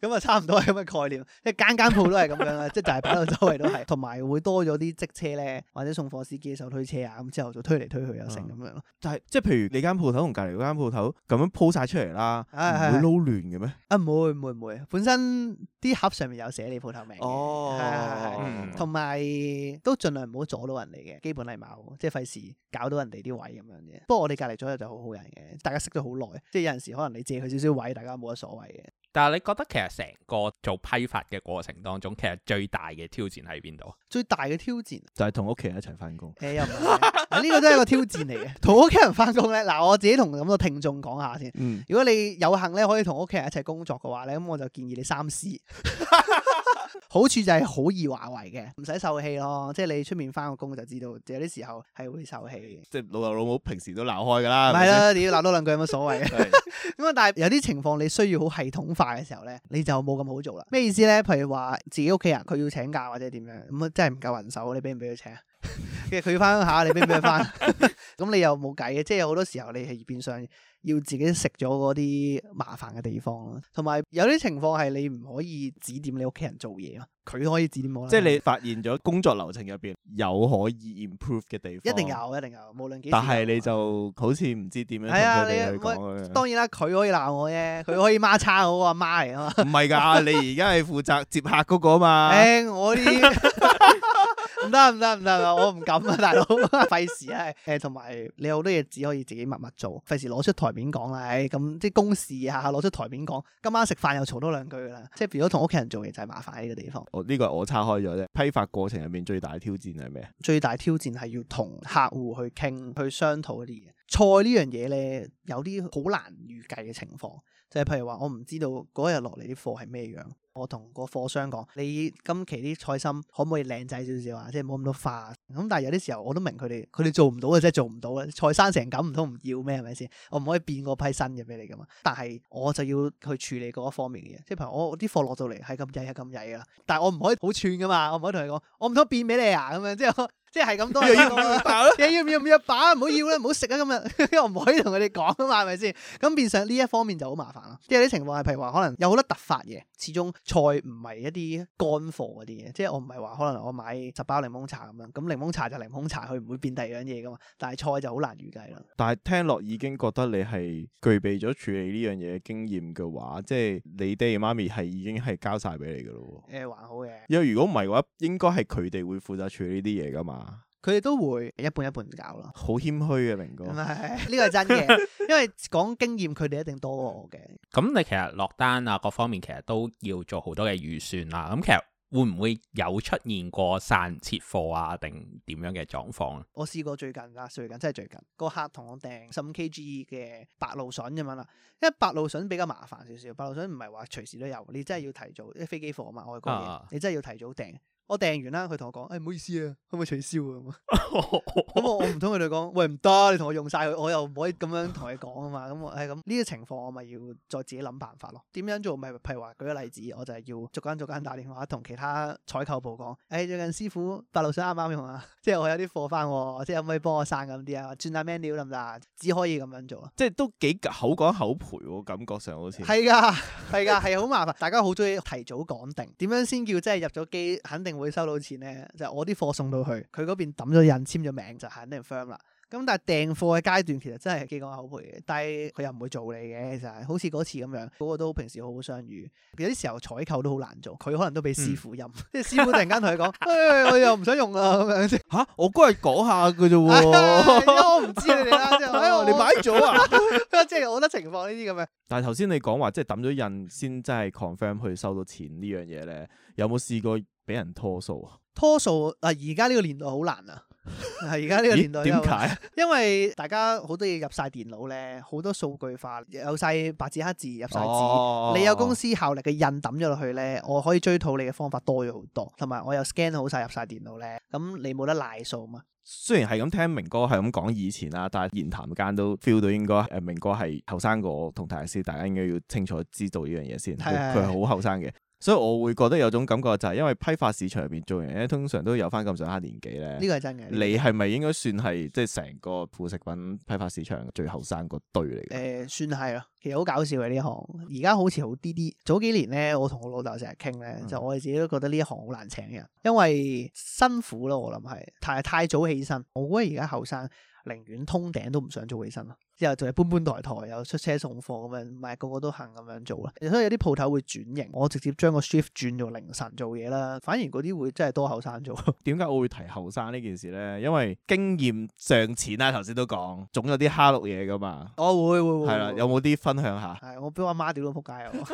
咁啊， 差唔多係咁嘅概念，間 即係間間鋪都係咁樣啊，即係就係擺到周圍都係，同埋會多咗啲唧車咧，或者送貨司機手推車啊，咁之後就推嚟推去又成咁樣咯。嗯、就係即係，譬如你間鋪頭同隔籬嗰間鋪頭咁樣鋪晒出嚟啦，唔會撈亂嘅咩？啊，唔會、啊、會，唔會，唔會，本身啲盒上面有寫你鋪頭名哦，係係係，同埋、嗯、都盡量唔好阻到人哋嘅，基本禮貌，即係費事搞到人哋啲位咁樣嘅。不過我哋隔籬左右就好好人嘅，大家識咗好耐，即係有陣時可能你借佢少少位，大家冇乜所謂嘅。但係你覺得其實成個做批發嘅過程當中，其實最大嘅挑戰喺邊度？最大嘅挑戰就係同屋企人一齊翻工。誒、欸，又唔係呢 個都係個挑戰嚟嘅，同屋企人翻工咧。嗱，我自己同咁多聽眾講下先。嗯，如果你有幸咧可以同屋企人一齊工作嘅話咧，咁我就建議你三思。 好處就係好易話為嘅，唔使受氣咯。即係你出面返個工就知道，有啲時候係會受氣嘅。即係老豆老母平時都鬧開㗎啦，唔係啦，你要鬧多兩句謂 有乜所謂。咁啊，但係有啲情況你需要好系統化嘅時候咧，你就冇咁好做啦。咩意思咧？譬如話自己屋企人佢要請假或者點樣，咁啊真係唔夠人手，你俾唔俾佢請？其實佢翻下你俾唔俾翻，咁、 嗯、你又冇計嘅，即係好多時候你係變相要自己食咗嗰啲麻煩嘅地方咯。同埋有啲情況係你唔可以指點你屋企人做嘢咯，佢可以指點我。即係你發現咗工作流程入邊有可以 improve 嘅地方，一定有，一定有，無論幾。但係你就好似唔知點樣同佢哋去講佢。當然啦，佢可以鬧我啫，佢可以孖叉我阿媽嚟啊嘛。唔係噶， 你而家係負責接客嗰個啊嘛。誒、欸，我呢？ 唔得唔得唔得啊！我唔敢啊，大佬，費事啊！誒，同埋你好多嘢，只可以自己默默做，費事攞出台面講啦。咁、哎、啲公事下攞出台面講，今晚食飯又嘈多兩句啦。即係如果同屋企人做嘢就係麻煩呢、呢個地方。我呢個我岔開咗啫。批發過程入面最，最大挑戰係咩啊？最大挑戰係要同客戶去傾，去商討一啲嘢。菜呢樣嘢咧，有啲好難預計嘅情況。即係譬如話，我唔知道嗰日落嚟啲貨係咩樣，我同個貨商講，你今期啲菜心可唔可以靚仔少少啊？即係冇咁多花啊。咁但係有啲時候我都明佢哋，佢哋做唔到嘅即係，做唔到啦。菜生成咁唔通唔要咩？係咪先？我唔可以變嗰批新嘅俾你噶嘛。但係我就要去處理嗰一方面嘅嘢。即係譬如我我啲貨落到嚟係咁曳，係咁曳噶啦，但係我唔可以好串噶嘛。我唔可以同你講，我唔通變俾你啊咁樣，即係。即係咁多嘢 要唔要唔要把？唔好要啦，唔好食啊！咁啊， 我唔可以同佢哋講啊嘛，係咪先？咁變相呢一方面就好麻煩啦。即係有啲情況係，譬如話可能有好多突發嘢，始終菜唔係一啲乾貨嗰啲嘢。即係我唔係話可能我買十包檸檬茶咁樣，咁檸檬茶就檸檬茶，佢唔會變第二樣嘢噶嘛。但係菜就好難預計啦。但係聽落已經覺得你係具備咗處理呢樣嘢經驗嘅話，即係你爹哋媽咪係已經係交晒俾你噶咯。誒、欸，還好嘅。因為如果唔係嘅話，應該係佢哋會負責處理呢啲嘢噶嘛。佢哋都會一半一半搞咯，好謙虛嘅明哥，係呢個係真嘅，因為講經驗佢哋一定多過我嘅。咁 你其實落單啊，各方面其實都要做好多嘅預算啦。咁其實會唔會有出現過散切貨啊，定點樣嘅狀況咧？我試過最近啦，最近即係最近個客同我訂十五 K G 嘅白蘆筍咁樣啦，因為白蘆筍比較麻煩少少，白蘆筍唔係話隨時都有，你真係要提早因為飛機貨啊嘛，外國嘢，啊、你真係要提早訂。我訂完啦，佢同我講：，誒、哎，唔好意思啊，可唔可以取消啊？咁咁我唔通佢哋講，喂，唔得，你同我用曬，我又唔可以咁樣同你講啊嘛。咁、嗯、我，誒，咁呢啲情況我咪要再自己諗辦法咯。點樣做？咪譬如話舉個例子，我就係要逐間逐間打電話，同其他採購部講：，誒、哎，最近師傅白蘆筍啱唔啱用啊，即係我有啲貨翻，即係可唔可以幫我散咁啲啊？轉下 menu 得唔得？只可以咁樣做，即係都幾口講口賠喎，感覺上好似係㗎，係㗎， 係好麻煩。大家好中意提早講定，點樣先叫即係入咗機，肯定。會收到錢咧，就係、我啲貨送到去，佢嗰邊抌咗印簽咗名就肯定 firm 啦。咁但係訂貨嘅階段其實真係幾講口碑嘅，但係佢又唔會做你嘅，其實好似嗰次咁樣，嗰個都平時好好相遇。有啲時候採購都好難做，佢可能都俾師傅陰，即係、嗯、 師傅突然間同佢講：，唉，我又唔想用啊咁樣。吓、 哎哎，我嗰日講下嘅啫，因為 我唔知你哋啦，即係你買咗啊，即係我得情況呢啲咁嘅。但係頭先你講話即係抌咗印先真係 confirm 去收到錢呢樣嘢咧，有冇試過？俾人拖數啊！拖數啊！而家呢個年代好難啊！係而家呢個年代點解、啊？為因為大家好多嘢入晒電腦咧，好多數據化，有晒白紙黑字入晒紙。哦、你有公司效力嘅印抌咗落去咧，我可以追討你嘅方法多咗好多，同埋我又 scan 好晒入晒電腦咧。咁你冇得賴數嘛？雖然係咁聽明哥係咁講以前啦，但係言談間都 feel 到應該誒，明哥係後生過同大師，大家應該要清楚知道呢樣嘢先。佢佢係好後生嘅。所以我會覺得有種感覺就係因為批發市場入邊做嘢咧，通常都有翻咁上下年紀咧。呢個係真嘅。你係咪應該算係即係成個副食品批發市場最後生個堆嚟？誒、呃，算係咯。其實好搞笑嘅呢行，而家好似好啲啲。早幾年咧，我同我老豆成日傾咧，嗯、就我自己都覺得呢一行好難請人，因為辛苦咯。我諗係太太早起身。我覺得而家後生寧願通頂都唔想早起身咯。之後就係搬搬抬抬，又出車送貨咁樣，唔係個個都行咁樣做啦。所以有啲鋪頭會轉型，我直接將個 shift 轉做凌晨做嘢啦。反而嗰啲會真係多後生做。點解我會提後生呢件事咧？因為經驗尚淺啦、啊，頭先都講，總有啲蝦碌嘢噶嘛。我、哦、會會係啦，會的會有冇啲分享下？係我俾我阿媽屌到仆街我。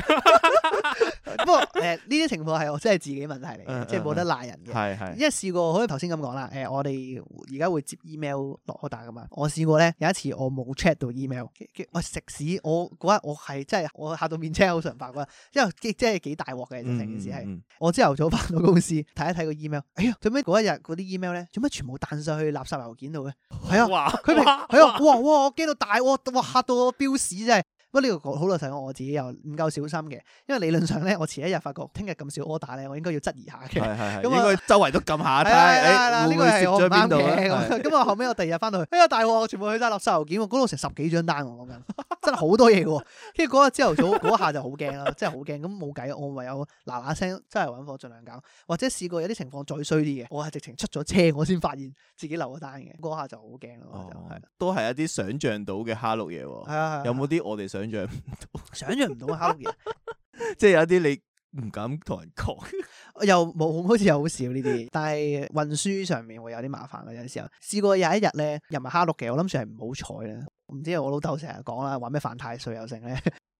不過誒，呢、呃、啲情況係我真係自己問題嚟，即係冇得賴人嘅。係係，因為試過，好似頭先咁講啦。誒、呃，我哋而家會接 email 落 order 噶嘛？我試過咧，有一次。我冇 check 到 email，我食屎！我嗰日我係真係我吓到面青口唇白嘅，因為即係幾大鑊嘅，成件事係、嗯嗯、我朝頭早返到公司睇一睇個 email，哎呀，做咩嗰一日嗰啲 email 咧，做乜全部彈上去垃圾郵件度嘅？係啊，佢係啊，哇哇，我驚到大鑊，哇吓到我飆屎真係！不過呢個好老實，我自己又唔夠小心嘅。因為理論上咧，我遲一日發覺聽日咁少 order 咧，我應該要質疑下嘅。係係係。應該周圍都撳下，呢個係我唔啱嘅。咁啊，後尾我第二日翻到去，哎呀大鑊！我全部去晒垃圾郵件，嗰度成十幾張單，咁樣，真係好多嘢嘅。跟住嗰日朝頭早嗰下就好驚啦，真係好驚。咁冇計我唯有嗱嗱聲，真係揾貨盡量搞，或者試過有啲情況再衰啲嘅，我係直情出咗車，我先發現自己漏咗單嘅。嗰下就好驚咯，就係。都係一啲想象到嘅蝦碌嘢。係啊，有冇啲我哋想？想象唔到，想象唔到嘅坑嘅，即係有啲你唔敢同人講，又冇好似又好少呢啲，但係運輸上面會有啲麻煩嘅。有陣時候試過有一日咧，又唔係坑嘅，我諗住係唔好彩啦。唔知我老豆成日講啦，話咩犯太歲又剩咧。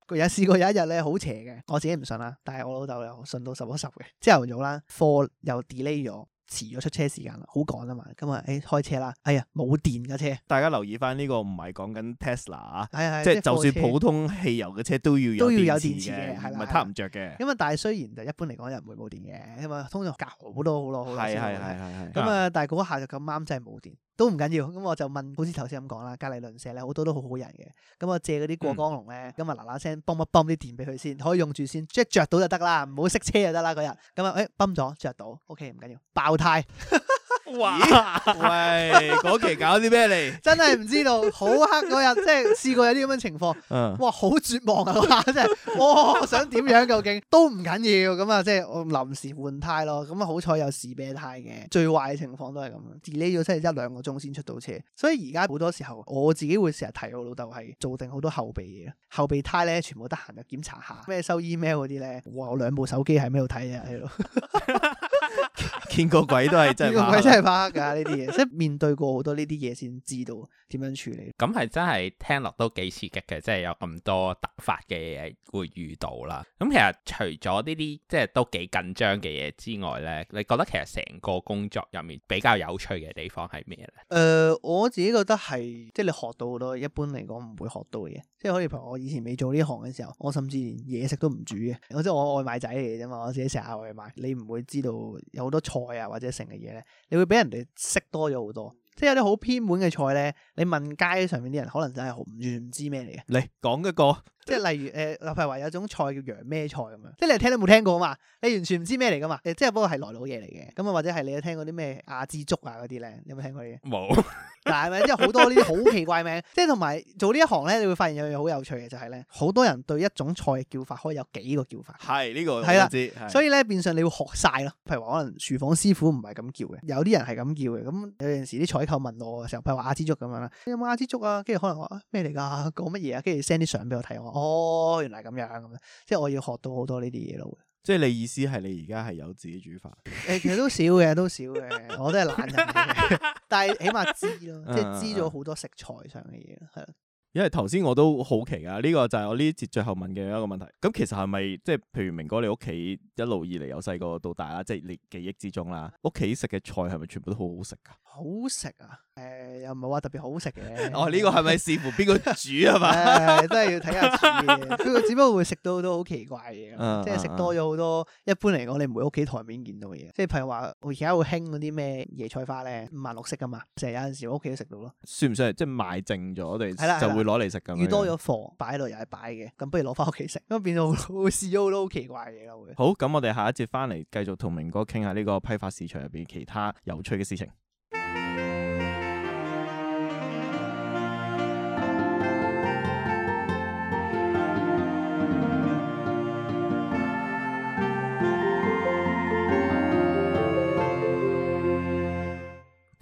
佢 有試過有一日咧好邪嘅，我自己唔信啦，但係我老豆又信到十一十嘅。朝頭早啦，貨又 delay 咗。遲咗出車時間啦，好趕啊嘛！咁、嗯、啊，誒、哎、開車啦，哎呀，冇電嘅車。大家留意翻呢、這個唔係講緊 Tesla 啊，即係就，就算普通汽油嘅車都要有都要有電池嘅，唔係撻唔着嘅。咁啊，但係雖然就一般嚟講又唔會冇電嘅，因為通常隔好多好多好耐先會。係係係係，咁啊，但係嗰一下就咁啱真係冇電。都唔緊要，咁我就問，好似頭先咁講啦，隔離鄰舍咧好多都好好人嘅，咁我借嗰啲過江龍咧，咁啊嗱嗱聲，幫一幫啲電俾佢先，可以用住先，即係著到就得啦，唔好熄車就得啦嗰日，咁啊，誒，崩咗，着到，哎，着到，OK，唔緊要，爆胎。 哇！咦喂，嗰期 搞啲咩嚟？ 真係唔知道，好黑嗰日， 即係試過有啲咁嘅情況。嗯， 哇，好絕望啊！真 係、哦，我想點樣究竟都唔緊要咁啊！即係我臨時換胎咯。咁啊，好彩有士啤胎嘅，最壞嘅情況都係咁。delay 咗即係一兩個鐘先出到車。所以而家好多時候，我自己會成日提我老豆係做定好多後備嘢，後備胎咧全部得閒就檢查下，咩收 email 嗰啲咧。哇，我兩部手機喺咩度睇嘅喺度。 見過鬼都係真怕，見過鬼真係怕黑㗎呢啲嘢，即係 面對過好多呢啲嘢先知道點樣處理。咁係 真係聽落都幾刺激嘅，即係有咁多突發嘅嘢會遇到啦。咁其實除咗呢啲即係都幾緊張嘅嘢之外咧，你覺得其實成個工作入面比較有趣嘅地方係咩咧？誒、呃，我自己覺得係即係你學到好多，一般嚟講唔會學到嘅嘢，即係可能譬如我以前未做呢行嘅時候，我甚至連嘢食都唔煮嘅，我即係我外賣仔嚟啫嘛，我自己成日嗌外賣，你唔會知道有。好多菜啊，或者成嘅嘢咧，你會俾人哋識多咗好多，即係有啲好偏門嘅菜咧，你問街上面啲人，可能真係完全唔知咩嚟嘅。嚟講一個。即係例如誒、呃，例如話有一種菜叫羊咩菜咁樣，即係你係聽都冇聽過啊嘛，你完全唔知咩嚟噶嘛，即係不過係來佬嘢嚟嘅，咁啊或者係你有聽過啲咩亞枝竹啊嗰啲咧，你有冇聽過嘅？冇沒 是，嗱係咪？即係好多呢啲好奇怪名，即係同埋做呢一行咧，你會發現有樣嘢好有趣嘅就係、是、咧，好多人對一種菜叫法可以有幾個叫法，係呢、這個我唔知，所以咧變相你要學晒咯。譬如話可能廚房師傅唔係咁叫嘅，有啲人係咁叫嘅，咁有陣時啲採購問我嘅時候，譬如話亞枝竹咁樣啦，你有冇亞枝竹啊？跟住可能話咩嚟㗎？講乜嘢啊？跟住 send 啲相俾我睇。哦，原來咁樣咁樣，即係我要學到好多呢啲嘢咯。即係你意思係你而家係有自己煮飯？誒， 其實都少嘅，都少嘅，我都係懶人， 但係起碼知咯，即係知咗好多食材上嘅嘢咯，係、嗯嗯、的因為頭先我都好奇㗎，呢、呢個就係我呢節最後問嘅一個問題。咁其實係咪即係譬如明哥你屋企一路以嚟由細個到大啦，即、就、係、是、你記憶之中啦，屋企食嘅菜係咪全部都好好食㗎？好食啊！誒、呃、又唔係話特別好食嘅。哦，呢、呢個係咪視乎邊個煮啊？嘛， 都係要睇下煮嘅。不過只不過會食到都好奇怪嘅，嘢、啊啊啊啊，即係食多咗好多一般嚟講，你唔會屋企台面見到嘅嘢。即係譬如話，我而家會興嗰啲咩椰菜花咧，五顏六色噶嘛，成日有陣時我屋企都食到咯。算唔算係即係賣剩咗，我哋就會攞嚟食㗎嘛。預多咗貨擺落又係擺嘅，咁不如攞翻屋企食，咁變咗會試咗好多好奇怪嘅嘢咯。會好咁，我哋下一節翻嚟繼續同明哥傾下呢個批發市場入邊其他有趣嘅事情。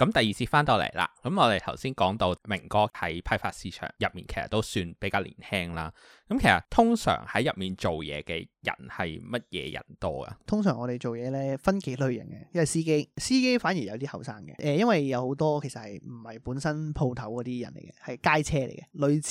咁第二次返到嚟啦，咁我哋頭先講到明哥喺批發市場入面，其實都算比較年輕啦。咁其實通常喺入面做嘢嘅人係乜嘢人多啊？通常，通常我哋做嘢咧分幾類型嘅，一係司機，司機反而有啲後生嘅，誒，因為有好多其實係唔係本身鋪頭嗰啲人嚟嘅，係街車嚟嘅，類似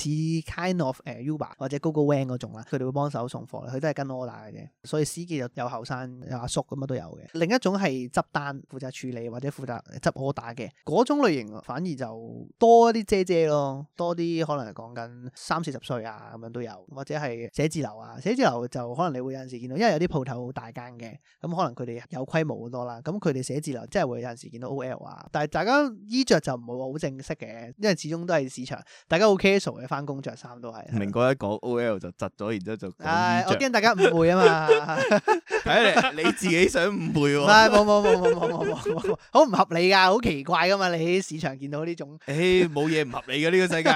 kind of 誒、uh, Uber 或者 GoGoVan 嗰種啦，佢哋會幫手送貨，佢都係跟 order 嘅啫。所以司機就有後生，有阿叔咁樣都有嘅。另一種係執單負責處理或者負責執 order 嘅嗰種類型，反而就多一啲姐姐咯，多啲可能係講緊三四十歲啊咁樣都有。或者係寫字樓啊，寫字樓就可能你會有陣時見到，因為有啲鋪頭好大間嘅，咁可能佢哋有規模好多啦，咁佢哋寫字樓即係會有陣時見到 OL 啊，但係大家衣着就唔會話好正式嘅，因為始終都係市場，大家好 casual 嘅翻工着衫都係。明哥一講 OL 就窒咗，然之後就。係，我驚大家誤會啊嘛，睇 你自己想誤會喎，啊。唔冇冇冇冇冇冇冇，好唔合理噶，好奇怪噶嘛！你喺市場見到呢種，誒、 哎，冇嘢唔合理嘅呢，呢個世界。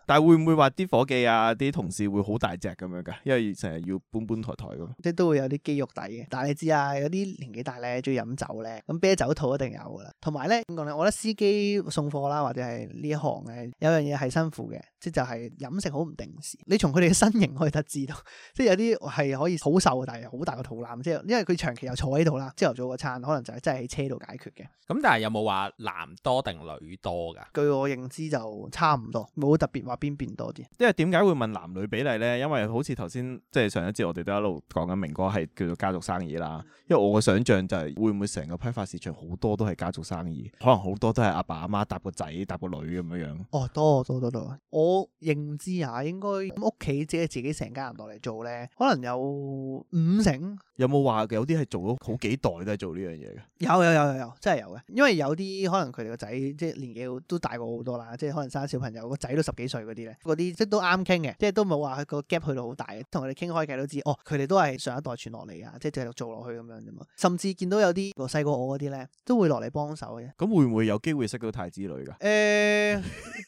但係會唔會話啲伙計啊、啲同事會好大隻咁樣㗎？因為成日要搬搬抬抬㗎，即係都會有啲肌肉底嘅。但係你知啊，有啲年紀大咧，中意飲酒咧，咁啤酒肚一定有㗎啦。同埋咧，點講咧？我覺得司機送貨啦，或者係呢一行咧，有樣嘢係辛苦嘅，即就係飲食好唔定時。你從佢哋嘅身形可以得知到，即係有啲係可以好瘦，但係好大個肚腩，即係因為佢長期又坐喺度啦。朝頭早個餐可能就係真係喺車度解決嘅。咁但係有冇話男多定女多㗎？據我認知就差唔多，冇特別話。邊邊多啲？因為點解會問男女比例呢？因為好似頭先即係上一節，我哋都一路講緊明哥係叫做家族生意啦。因為我嘅想象就係會唔會成個批發市場好多都係家族生意，可能好多都係阿爸阿媽搭個仔搭個女咁樣樣。哦，多多多多、多。我認知下應該屋企只係自己成家人落嚟做呢，可能有五成。有冇話有啲係做咗好幾代都係做呢樣嘢嘅？有有有有有，真係有嘅。因為有啲可能佢哋個仔即係年紀都大過好多啦，即係可能生小朋友個仔都十幾歲嗰啲咧，嗰啲即係都啱傾嘅，即係都冇話個 gap 去到好大嘅，同佢哋傾開偈都知，哦，佢哋都係上一代傳落嚟啊，即係繼續做落去咁樣啫嘛。甚至見到有啲細過我嗰啲咧，都會落嚟幫手嘅。咁會唔會有機會識到太子女噶？誒、呃，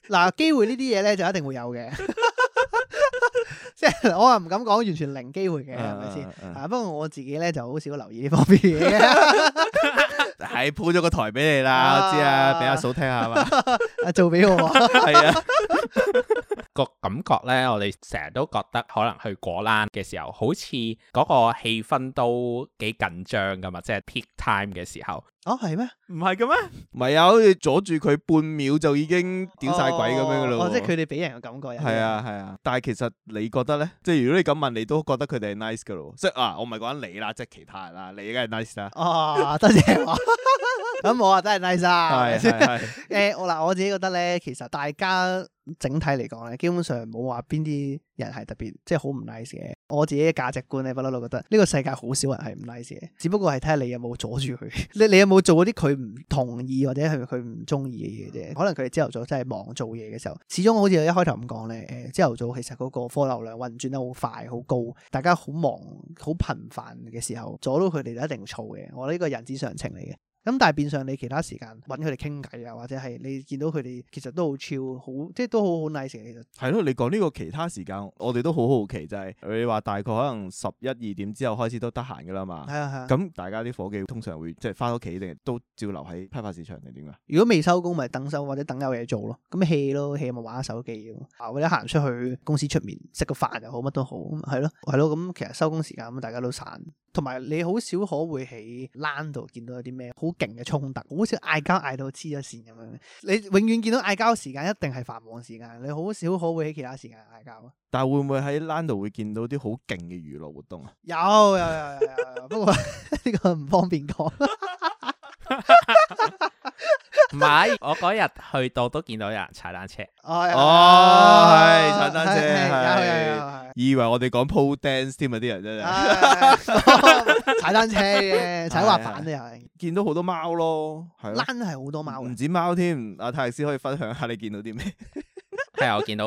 嗱， 機會呢啲嘢咧就一定會有嘅。 即係我啊唔敢講完全零機會嘅係咪先？Uh, uh, uh, 啊，不過我自己咧就好少留意呢方面嘢。係鋪咗個台俾你啦，我知啊，俾阿、uh, 嫂聽下嘛，阿 做俾我嘛。係 啊， 個感覺咧，我哋成日都覺得可能去果欄嘅時候，好似嗰個氣氛都幾緊張噶嘛，即係 peak time 嘅時候。哦，係咩？唔係嘅咩？唔係啊，好似阻住佢半秒就已經屌晒鬼咁樣嘅咯、哦。哦，即係佢哋俾人嘅感覺。係啊、嗯，係、嗯、啊。但係其實你覺得咧，即係如果你咁問，你都覺得佢哋係 nice 嘅咯。即係啊，我唔係講緊你啦，即係其他人啦，你梗係 nice 啦。哦，多謝我。咁冇啊，真係 nice。係、嗯、係。誒、嗯，我、嗯、嗱我自己覺得咧，其實大家整體嚟講咧，基本上冇話邊啲。人係特別，即係好唔 nice 嘅。我自己嘅價值觀咧，不嬲都覺得呢、這個世界好少人係唔 nice 嘅。只不過係睇下你有冇阻住佢。 你你有冇做嗰啲佢唔同意或者係佢唔中意嘅嘢啫？可能佢哋朝頭早真係忙做嘢嘅時候，始終好似一開頭咁講咧。誒、呃，朝頭早其實嗰個貨流量運轉得好快、好高，大家好忙、好頻繁嘅時候，阻到佢哋就一定躁嘅。我呢個人之常情嚟嘅。.咁但係變相你其他時間揾佢哋傾偈啊，或者係你見到佢哋其實都好超好，即係都好好 nice 其實。係咯，你講呢個其他時間，我哋都好好奇就係、是、你話大概可能十一二點之後開始都得閒㗎啦嘛。係啊係。咁、啊、大家啲伙計通常會即係翻屋企定都照留喺批發市場定點啊？如果未收工咪等收或者等有嘢做咯，咁 hea 咯 hea 咪玩下手機咯，或者行出去公司出面食個飯又好，乜都好，係咯係咯。咁、啊啊、其實收工時間咁大家都散。同埋你好少可會喺欄度見到有啲咩好勁嘅衝突，好似嗌交嗌到黐咗線咁樣。你永遠見到嗌交嘅時間一定係繁忙時間，你好少可會喺其他時間嗌交。但係會唔會喺欄度會見到啲好勁嘅娛樂活動啊？有有有有有，有，不過呢個唔方便講。唔係，我嗰日去到都見到有人踩單車。哦、oh, yeah, oh, yeah，係踩單車，以為我哋講 po dance 添啊！啲人真係 踩單車嘅，踩滑板都又係見到好多貓咯，係啦、啊，係好多貓，唔止貓添。阿泰斯可以分享下你見到啲咩？ 係、 哎、我見到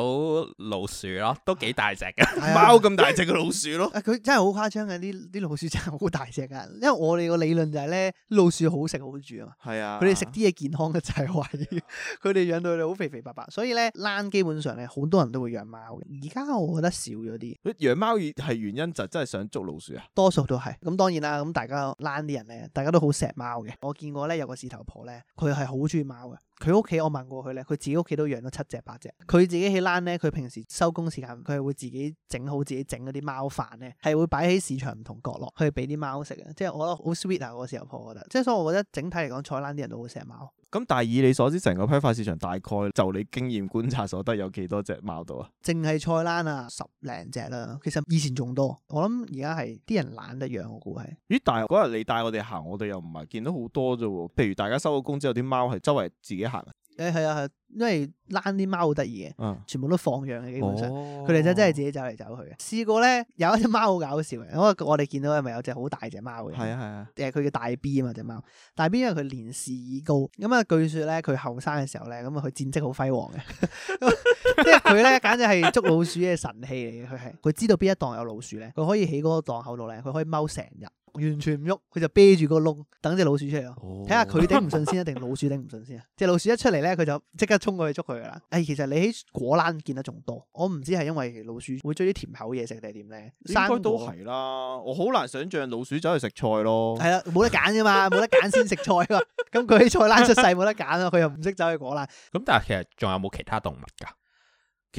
老鼠咯，都幾大隻嘅，貓咁、哎、呀大隻嘅老鼠咯。啊、哎，佢真係好誇張嘅，啲啲老鼠真係好大隻嘅。因為我哋個理論就係、是、咧，老鼠好食好住啊。係啊、哎呀，佢哋食啲嘢，健康嘅就係壞啲，佢哋養到佢哋好肥肥白白。所以咧，欄基本上咧，好多人都會養貓嘅。而家我覺得少咗啲。養貓係原因就真係想捉老鼠啊？多數都係。咁當然啦，咁大家欄啲人咧，大家都好錫貓嘅。我見過咧有個士頭婆咧，佢係好中意貓嘅。佢屋企我問過佢咧，佢自己屋企都養咗七隻八隻。佢自己起欄咧，佢平時收工時間，佢係會自己整好自己整嗰啲貓飯咧，係會擺喺市場唔同角落去俾啲貓食嘅。即係我覺得好 sweet 啊！嗰時候我覺得。即係所以，我覺得整體嚟講，菜欄啲人都好錫貓。咁但係以你所知，成個批發市場大概就你經驗觀察所得有幾多隻貓到啊？淨係菜欄啊，十零隻啦。其實以前仲多，我諗而家係啲人懶得養，我估係。咦？但係嗰日你帶我哋行，我哋又唔係見到好多啫。譬如大家收咗工之後，啲貓係周圍自己行。誒，係啊，係，因為欄啲貓好得意嘅，嗯、全部都放養嘅，基本上佢哋就真係自己走嚟走去嘅。試過咧，有一隻貓好搞笑嘅，我我哋見到係咪有隻好大隻貓嘅？係啊係啊，誒的，佢叫大 B 啊嘛隻貓，大 B 因為佢年事已高，咁、嗯、啊據說咧佢後生嘅時候咧，咁啊佢戰績好輝煌嘅，即係佢咧簡直係捉老鼠嘅神器嚟嘅。佢係佢知道邊一檔有老鼠咧，佢可以喺嗰個檔口度咧，佢可以踎成日。完全唔喐，佢就啤住個窿，等隻老鼠出嚟。睇、哦、下佢頂唔順先，定老鼠頂唔順先啊！隻 老鼠一出嚟咧，佢就即刻衝過去捉佢啦。誒、哎，其實你喺果欄見得仲多，我唔知係因為老鼠會追啲甜口嘢食定係點咧。應該都係啦，我好難想象老鼠走去食菜咯。係啊，冇得揀噶嘛，冇得揀先食菜。咁佢喺菜欄出世冇得揀啊，佢又唔識走去果欄。咁但係其實仲有冇其他動物噶？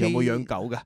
有冇養狗嘅？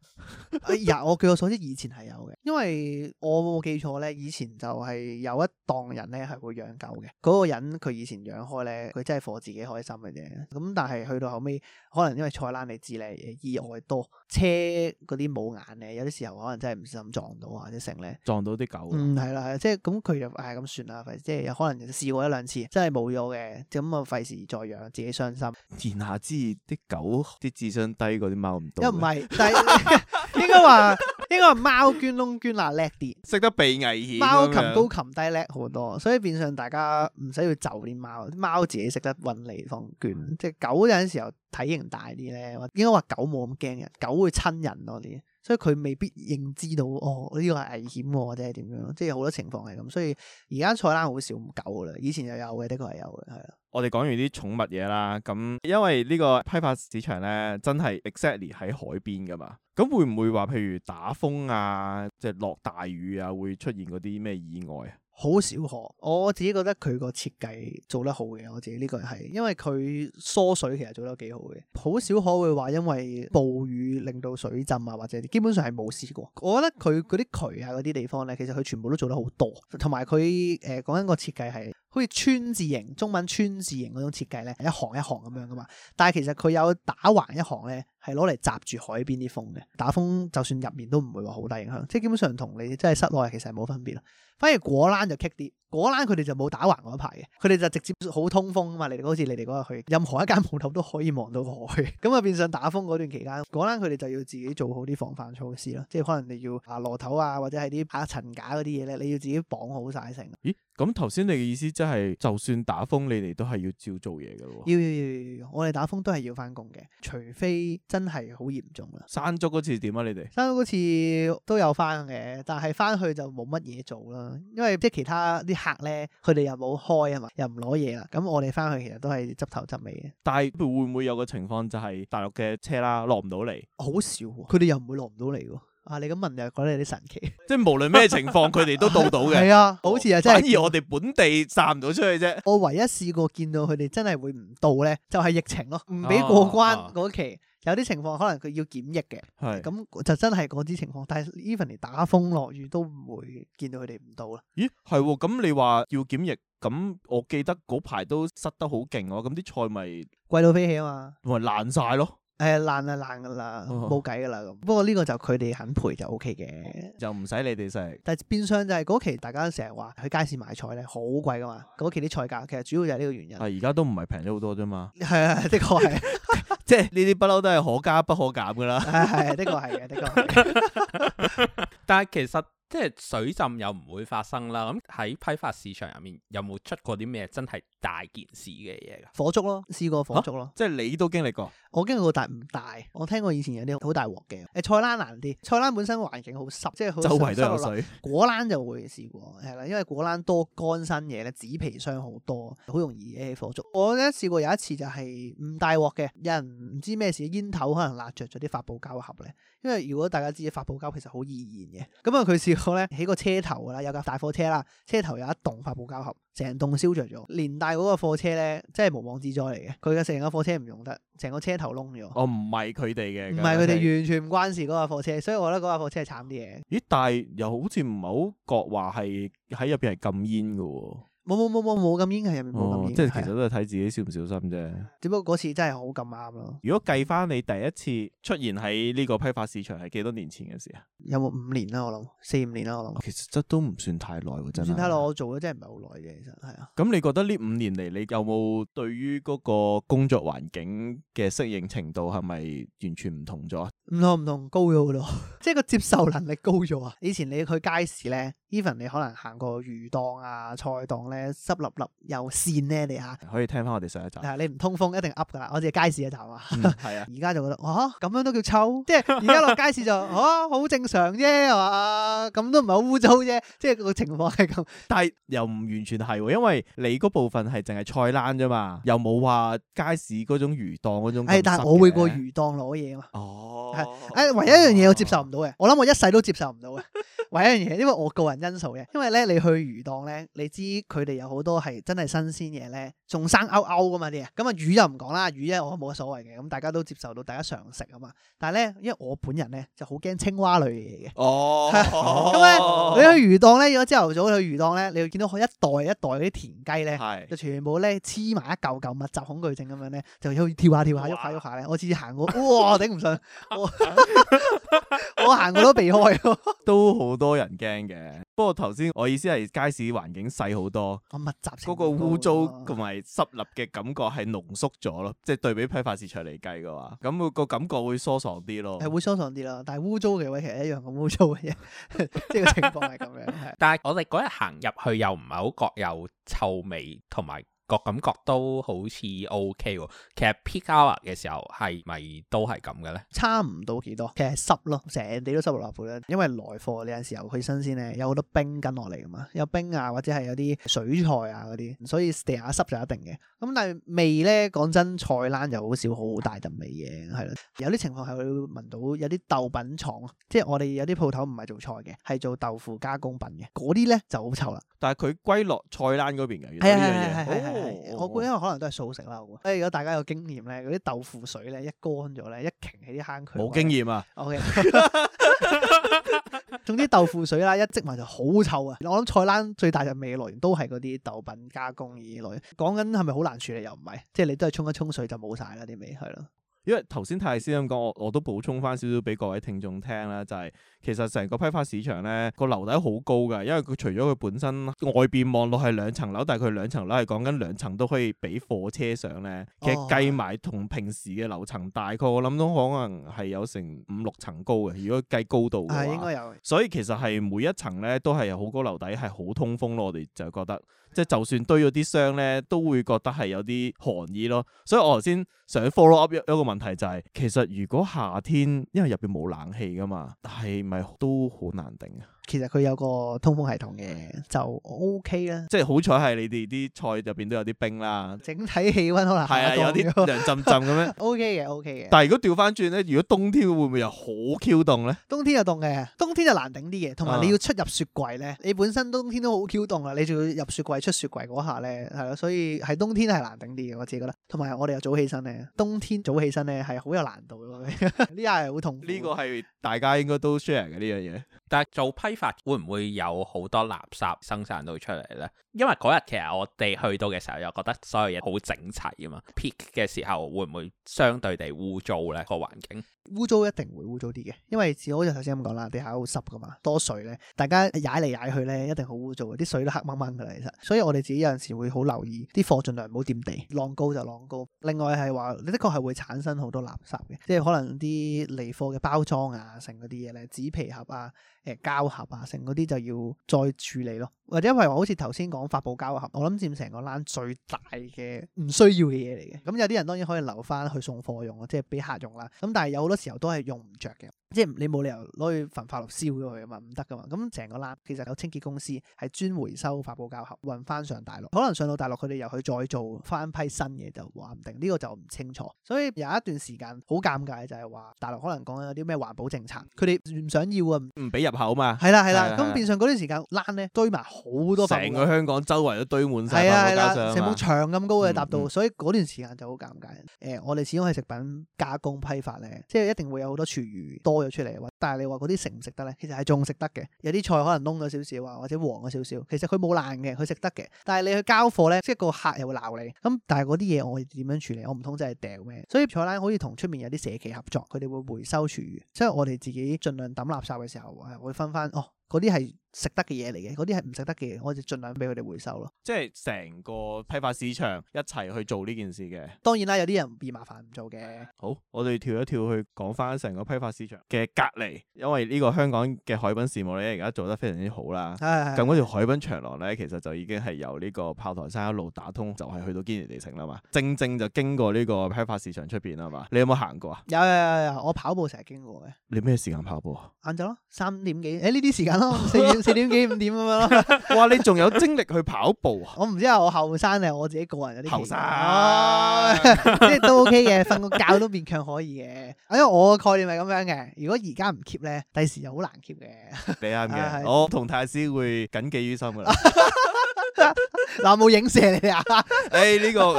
有，我、啊、據我所知以前係有嘅，因為我冇記錯咧，以前就係有一檔人咧係會養狗嘅。嗰、那個人佢以前養開咧，佢真係火自己開心嘅啫。咁但係去到後尾，可能因為菜欄你知咧，意外多，車嗰啲冇眼嘅，有啲時候可能真係唔小心撞到啊，或者成咧撞到啲狗嗯即。嗯，係、嗯、啦，係即係咁佢又係咁算啦，即係有、嗯嗯嗯嗯、可能試過一兩次，真係冇咗嘅，咁啊費事再養自己傷心。言下之意，啲狗啲智商低過啲貓唔？唔係，但係， 應該話應該話貓捐窿捐罅叻啲，識得避危險。貓擒高擒低叻好多，所以變相大家唔使要就啲貓，啲貓自己識得揾地方捐。嗯、即係狗有陣時候體型大啲咧，應該話狗冇咁驚人，狗會親人多啲。所以佢未必認知到哦，呢個係危險啊，或者點樣，即係好多情況係咁。所以而家菜欄好少唔夠嘅啦，以前又有嘅，的確係有嘅，係啊。我哋講完啲寵物嘢啦，咁因為呢個批發市場咧真係 exactly 喺海邊噶嘛，咁會唔會話譬如打風啊，即係落大雨啊，會出現嗰啲咩意外啊？好少可，我自己覺得佢個設計做得好嘅，我自己呢個係，因為佢疏水其實做得幾好嘅，好少可會話因為暴雨令到水浸啊，或者基本上係冇試過。我覺得佢嗰啲渠啊嗰啲地方呢，其實佢全部都做得好多，同埋佢誒講緊個設計係。呃好似川字型，中文川字型嗰種設計咧，一行一行咁樣噶嘛。但係其實佢有打橫一行咧，係攞嚟閘住海邊啲風嘅。打風就算入面都唔會話好大影響，即係基本上同你真係室內其實係冇分別咯。反而果欄就棘啲，果欄佢哋就冇打橫嗰一排嘅，佢哋就直接好通風噶嘛。你好似你哋嗰日去，任何一間鋪頭都可以望到個海。咁啊，變相打風嗰段期間，果欄佢哋就要自己做好啲防範措施啦。即係可能你要啊籮頭啊，或者係啲把層架嗰啲嘢咧，你要自己綁好晒成。咦咁頭先你嘅意思即係就算打風，你哋都係要照做嘢嘅咯？要要要要，我哋打風都係要翻工嘅，除非真係好嚴重啦。山竹嗰次點啊？你哋山竹嗰次都有翻嘅，但係翻去就冇乜嘢做啦，因為即係其他啲客咧，佢哋又冇開啊嘛，又唔攞嘢啦。咁我哋翻去其實都係執頭執尾嘅。但係會唔會有個情況就係大陸嘅車啦落唔到嚟？好少喎，佢哋又唔會落唔到嚟喎。啊！你咁問又覺得有啲神奇，即係無論咩情況，佢哋都到到嘅。係啊，好似又真。反而我哋本地散唔到出去啫。我唯一試過見到佢哋真係會唔到咧，就係疫情咯，唔俾過關嗰期。有啲情況可能佢要檢疫嘅，咁就真係嗰啲情況。但係 even 嚟打風落雨都唔會見到佢哋唔到啦。咦？係喎，咁你話要檢疫，咁我記得嗰排都塞得好勁喎。咁啲菜咪貴到飛起啊嘛，咪爛曬咯。誒、哎、爛係爛噶啦，冇計噶啦咁。不過呢個就佢哋肯賠就 OK 嘅，就唔使你哋食。但變相就係、是、嗰、那個、期，大家成日話去街市買菜咧好貴噶嘛。嗰、那個、期啲菜價其實主要就係呢個原因。但係而家都唔係平咗好多啫嘛。係啊，的確係，即係呢啲不嬲都係可加不可減噶啦。係係，的確係嘅，的確。但係其實。即係水浸又唔會發生啦。咁喺批發市場入面有冇出過啲咩真係大件事嘅嘢？火燭咯，試過火燭咯。啊、即係你都經歷過？我經歷過大唔大。我聽過以前有啲好大鑊嘅。誒、呃，菜欄難啲，菜欄本身環境好濕，即係周圍都有水。果欄就會試過係啦，因為果欄多乾身嘢咧，紙皮箱好多，好容易起火燭。我咧試過有一次就係唔大鑊嘅，有人唔知咩事，煙頭可能辣着咗啲發泡膠盒咧。因為如果大家知嘅，發泡膠其實好易燃嘅，咁啊佢試過咧起個車頭啦，有架大貨車啦，車頭有一棟發泡膠盒，成棟燒着咗，連帶嗰個貨車咧，真係無妄之災嚟嘅，佢嘅成架貨車唔用得，成個車頭窿咗。哦，唔係佢哋嘅，唔係佢哋完全唔關事嗰架貨車，所以我覺得嗰架貨車係慘啲嘢。咦，但係又好似唔係好覺話係喺入邊係禁煙噶喎。冇冇冇冇冇咁冤嘅，冇咁冤嘅，英哦、即係其實都係睇自己小唔小心啫。只不過嗰次真係好咁啱咯。如果計翻你第一次出現喺呢個批發市場係幾多年前嘅事啊？有冇五年啦？我諗四五年啦，我諗、哦。其實真都唔算太耐喎，真係。唔算太耐，是我做咗真係唔係好耐嘅。其實係啊。咁你覺得呢五年嚟，你有冇對於嗰個工作環境嘅適應程度係咪完全唔同咗？唔同唔同，高咗好多。 即係個接受能力高咗啊！以前你去街市咧，even 你可能行過魚檔啊、菜檔咧。誒，濕立立又跣咧，你吓可以聽翻我哋上一集。你唔通風一定噏噶啦，我哋街市嘅集、嗯、啊。係啊，而家就覺得，哇、啊，咁樣都叫臭？ 即係而家落街市就，哦、啊，好正常啫，係、啊、嘛？咁都唔係好污糟啫。即係個情況係咁，但係又唔完全係，因為你嗰部分係淨係菜欄啫嘛，又冇話街市嗰種魚檔嗰種。係，但係我會過魚檔攞嘢嘛。哦。係，誒，唯一一樣嘢我接受唔到嘅，我諗我一世都接受唔到嘅，唯一一樣嘢，因為我個人因素嘅，因為咧你去魚檔咧，你知佢哋有好多係真係新鮮嘢咧，仲生勾勾噶嘛啲啊，咁啊魚又唔講啦，魚咧我冇乜所謂嘅，咁大家都接受到，大家常食啊嘛，但係咧因為我本人咧就好驚青蛙類嘅嘢嘅是的，哦，咁咧你去魚檔咧，如果朝頭早去魚檔咧，你會見到一袋一袋嗰啲田雞咧，就全部咧黐埋一嚿嚿密集恐懼症咁樣咧，就去跳下跳下，喐下喐下咧，我次次行過，哇，頂唔順。 我行過都避開咯， 都好多人驚嘅。不過頭先我意思係街市環境細好多，咁密集了，嗰個污糟同埋濕立嘅感覺係濃縮咗咯，即係對比批發市場嚟計嘅話，咁個個感覺會疏爽啲咯。係會疏爽啲咯，但係污糟嘅位置其實一樣咁污糟嘅嘢，即係個情況係咁樣。 但係我哋嗰日行入去又唔係好覺有臭味同埋。個感覺都好似 OK 喎，其實 pick up 嘅時候係咪都係咁嘅咧？差唔到幾多，多，其實濕咯，成地都濕濕爛爛。因為來貨呢有時候佢新鮮咧，有好多冰跟落嚟啊嘛，有冰啊或者係有啲水菜啊嗰啲，所以地下濕就一定嘅。咁但係味咧講真，菜欄就好少好大陣味嘅，係啦。有啲情況係會聞到有啲豆品廠，即係我哋有啲鋪頭唔係做菜嘅，係做豆腐加工品嘅，嗰啲咧就好臭啦。但係佢歸落菜欄嗰邊嘅，係啊，係係係我估因為可能都係素食啦，我估如果大家有經驗咧，嗰啲豆腐水咧一乾咗咧，一擎起啲坑渠冇經驗啊。O K，總之豆腐水啦，一積埋就好臭啊。我諗菜欄最大嘅味來都係嗰啲豆品加工以嚟。講緊係咪好難處理，又唔係，即係你都係沖一沖水就冇晒啦，啲味係咯。因為頭先泰斯咁講，我我都補充翻少少俾各位聽眾聽啦，就係其實成個批發市場咧個樓底好高嘅，因為佢除咗佢本身外邊望落係兩層樓，但係佢兩層樓係講緊兩層都可以俾貨車上咧，其實計埋同平時嘅樓層大概我諗都可能係有成五六層高嘅，如果計高度嘅話，應該有。所以其實係每一層咧都係好高樓底，係好通風咯，我哋就覺得。即係就算堆咗啲箱咧，都會覺得係有啲寒意咯。所以我頭先想 follow up 一個問題就係、是、其實如果夏天因為入邊冇冷氣噶嘛，但係咪都好難頂啊？其實佢有個通風系統嘅，就 O K 啦。即係好彩係你哋啲菜入邊都有啲冰啦。整體氣温可能係啊，嗯、有啲涼浸浸咁樣。O K 嘅，O K 嘅。Okay、但係如果調翻轉咧，如果冬天會唔會又好 Q 凍咧？冬天又凍嘅，冬天就難頂啲嘅。同埋你要出入雪櫃咧，啊、你本身冬天都好 Q 凍啦，你仲要入雪櫃出雪櫃嗰下咧，係咯。所以喺冬天係難頂啲嘅，我自己覺得。同埋我哋又早起身咧，冬天早起身咧係好有難度咯，呢 下係好痛苦。呢個係大家應該都 share 嘅呢樣嘢。但係做批，會唔會有好多垃圾生產到出嚟咧？因為嗰日其實我哋去到嘅時候又覺得所有嘢好整齊啊嘛，pick 嘅時候會唔會相對地污糟咧？個環境污糟，一定會污糟啲嘅，因為好似頭先咁講啦，地下好濕噶嘛，多水咧，大家踩嚟踩去咧，一定好污糟，啲水都黑掹掹噶啦。其實，所以我哋自己有陣時會好留意，啲貨盡量唔好掂地，晾高就晾高。另外係話，你的確係會產生好多垃圾嘅，即係可能啲離貨嘅包裝啊，剩嗰啲嘢咧，紙皮盒啊，誒、呃、膠盒啊，剩嗰啲就要再處理咯。或者因為好似頭先講發泡膠盒，我諗佔成個欄最大嘅唔需要嘅嘢嚟嘅。咁有啲人當然可以留翻去送貨用啊，即係俾客用啦。咁但係有好多時候都係用唔着嘅。即係你冇理由攞去焚化爐燒咗佢啊嘛，唔得噶嘛。咁成個欄其實有清潔公司係專回收發泡膠盒，運翻上大陸。可能上到大陸佢哋又去再做翻批新嘢，就話唔定呢個就唔清楚。所以有一段時間好尷尬就係話大陸可能講有啲咩環保政策，佢哋唔想要啊，唔俾入口嘛。係啦係啦，咁變相嗰段時間欄咧堆埋好多，成個香港周圍都堆滿晒，發泡膠箱，成棟牆咁高嘅達到。所以嗰段時間就好尷尬。誒，我哋始終係食品加工批發咧，即係一定會有好多廚餘出嚟，但係你話嗰啲食唔食得呢？其實係仲食得嘅，有啲菜可能燶咗少少啊，或者黃咗少少，其實佢冇爛嘅，佢食得嘅。但係你去交貨呢，即係個客又會鬧你咁。但係嗰啲嘢，我點樣處理？我唔通真係掉咩？所以菜欄可以同出面有啲社企合作，佢哋會回收廚餘，即係我哋自己盡量抌垃圾嘅時候啊，我會分翻哦。嗰啲係食得嘅嘢嚟嘅，嗰啲係唔食得嘅嘢，我就儘量俾佢哋回收咯。即係成個批發市場一齊去做呢件事嘅。當然啦，有啲人嫌麻煩唔做嘅。好，我哋跳一跳去講翻成個批發市場嘅隔離，因為呢個香港嘅海濱事務咧，而家做得非常之好啦。咁嗰條海濱長廊咧，其實就已經係由呢個炮台山一路打通，就係去到堅尼地城啦嘛。正正就經過呢個批發市場出邊啦嘛。你有冇行過啊？有有有，我跑步成日經過嘅。你咩時間跑步啊？晏晝咯，三點幾？誒呢啲時間。 四點四點幾五點咁樣咯。哇，你仲有精力去跑步啊？ 我唔知係我後生定係我自己個人有啲後生，即係年輕 都 OK 嘅，瞓個覺都勉強可以嘅。因為我嘅概念係咁樣嘅，如果而家唔 keep 咧，第時就好難 keep 嘅。 你啱嘅。 我同太師會謹記於心噶啦。嗱，冇影射你啊。誒、哎，呢個誒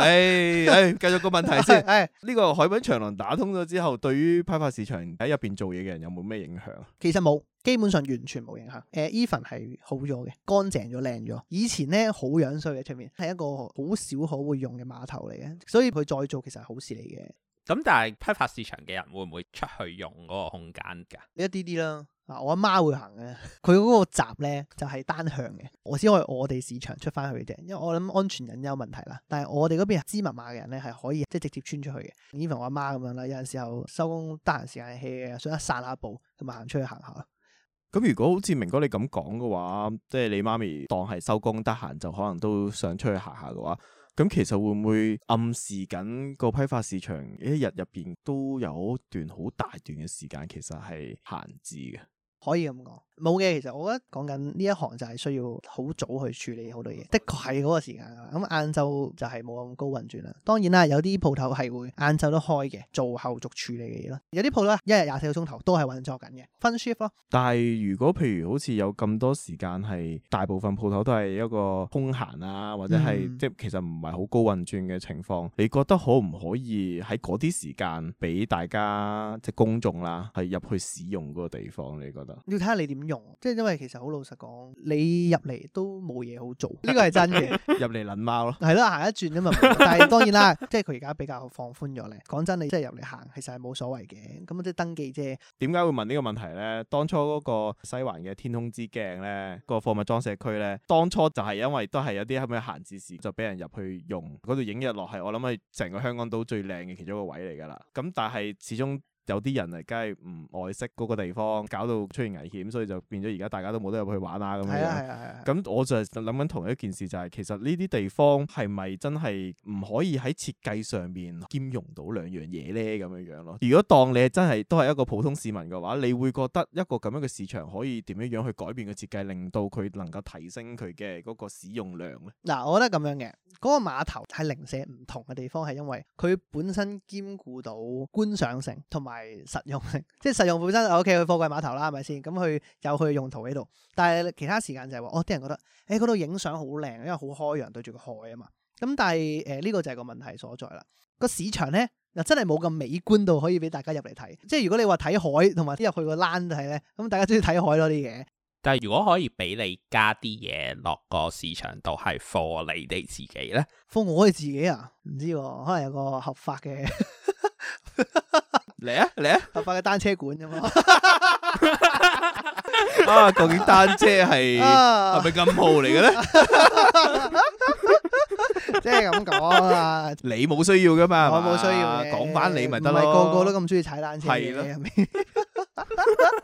誒，繼續個問題先。誒、 哎、呢、哎、個海濱長廊打通咗之後，對於批發市場喺入邊做嘢嘅人有冇咩影響？其實冇。基本上完全冇影響。誒，even 係好咗嘅，乾淨咗、靚咗。以前咧好樣衰嘅出面，係一個好少可會用嘅碼頭嚟嘅，所以佢再做其實係好事嚟嘅。咁但係批發市場嘅人會唔會出去用嗰個空間㗎？一啲啲啦。嗱，我阿媽會行嘅。佢嗰個閘咧就係、是、單向嘅，我先去我哋市場出翻去啫。因為我諗安全隱憂問題啦。但係我哋嗰邊知密碼嘅人咧係可以即係、就是、直接穿出去嘅。even 我阿媽咁樣啦，有陣時候收工得閒時間 hea 想散下步，咁咪行出去行下。咁如果好似明哥你咁講嘅話，即係你媽咪當係收工得閒就可能都想出去行下嘅話，咁其實會唔會暗示緊個批發市場一日入邊都有一段好大段嘅時間其實係閒置嘅？可以咁講。冇嘅，其實我覺得講緊呢一行就係需要好早去處理好多嘢，的確係嗰個時間啊。咁晏晝就係冇咁高運轉啦。當然啦，有啲鋪頭係會晏晝都開嘅，做後續處理嘅嘢咯。有啲鋪咧，一日廿四個鐘頭都係運作緊嘅，分 shift 咯。但係如果譬如好似有咁多時間係大部分鋪頭都係一個空閒啊，或者係即係其實唔係好高運轉嘅情況，嗯，你覺得可唔可以喺嗰啲時間俾大家即係公眾啦，係入去使用嗰個地方？你覺得？要睇下你點。即係因為其實好老實講，你入嚟都冇嘢好做，呢個係真嘅。 入嚟撚貓咯，係咯行一轉咋嘛。但係當然啦，即係佢而家比較放寬咗咧。講真，你真係入嚟行，其實係冇所謂嘅。咁即係登記啫。點解會問呢個問題咧？當初嗰個西環嘅天空之鏡咧，嗰個貨物裝卸區咧，當初就係因為都係有啲咁嘅閒置時，就俾人入去用嗰度影日落係。我諗係成個香港島最靚嘅其中一個位嚟㗎啦。咁但係始終。有啲人嚟，梗係唔愛惜嗰個地方，搞到出現危險，所以就變咗而家大家都冇得入去玩啊咁樣樣。咁、啊啊、我就係諗緊同一件事、就是，就係其實呢啲地方係咪真係唔可以喺設計上面兼容到兩樣嘢咧？咁樣樣咯。如果當你真係都係一個普通市民嘅話，你會覺得一個咁樣嘅市場可以點樣樣去改變嘅設計令到佢能夠提升佢嘅嗰個使用量咧？嗱，我覺得咁樣嘅、嗰個碼頭係零舍唔同嘅地方，係因為佢本身兼顧到觀賞性同埋。係實用性，即係實用本身，我企 Okay, 去貨櫃碼頭啦，係咪先？咁佢有佢嘅用途喺度，但係其他時間就係、是、話，哦，啲人覺得喺嗰度影相好靚，因為好開揚，對住個海啊嘛。咁但係誒，呢、呃這個就係個問題所在啦。個市場咧，又真係冇咁美觀到可以俾大家入嚟睇。即係如果你話睇海，同埋啲入去個欄睇咧，咁大家中意睇海多啲嘢。但係如果可以俾你加啲嘢落個市場度，係 for 你哋自己咧？for 我哋自己啊？唔知、啊，可能有個合法嘅。 嚟啊，嚟啊！合法嘅單車館啫嘛。 啊，究竟單車係係咪禁號嚟嘅咧？ 即係咁講啊！你冇需要噶嘛？我冇需要啊。講翻你咪得咯。唔係個個都咁中意踩單車嘅。係咯。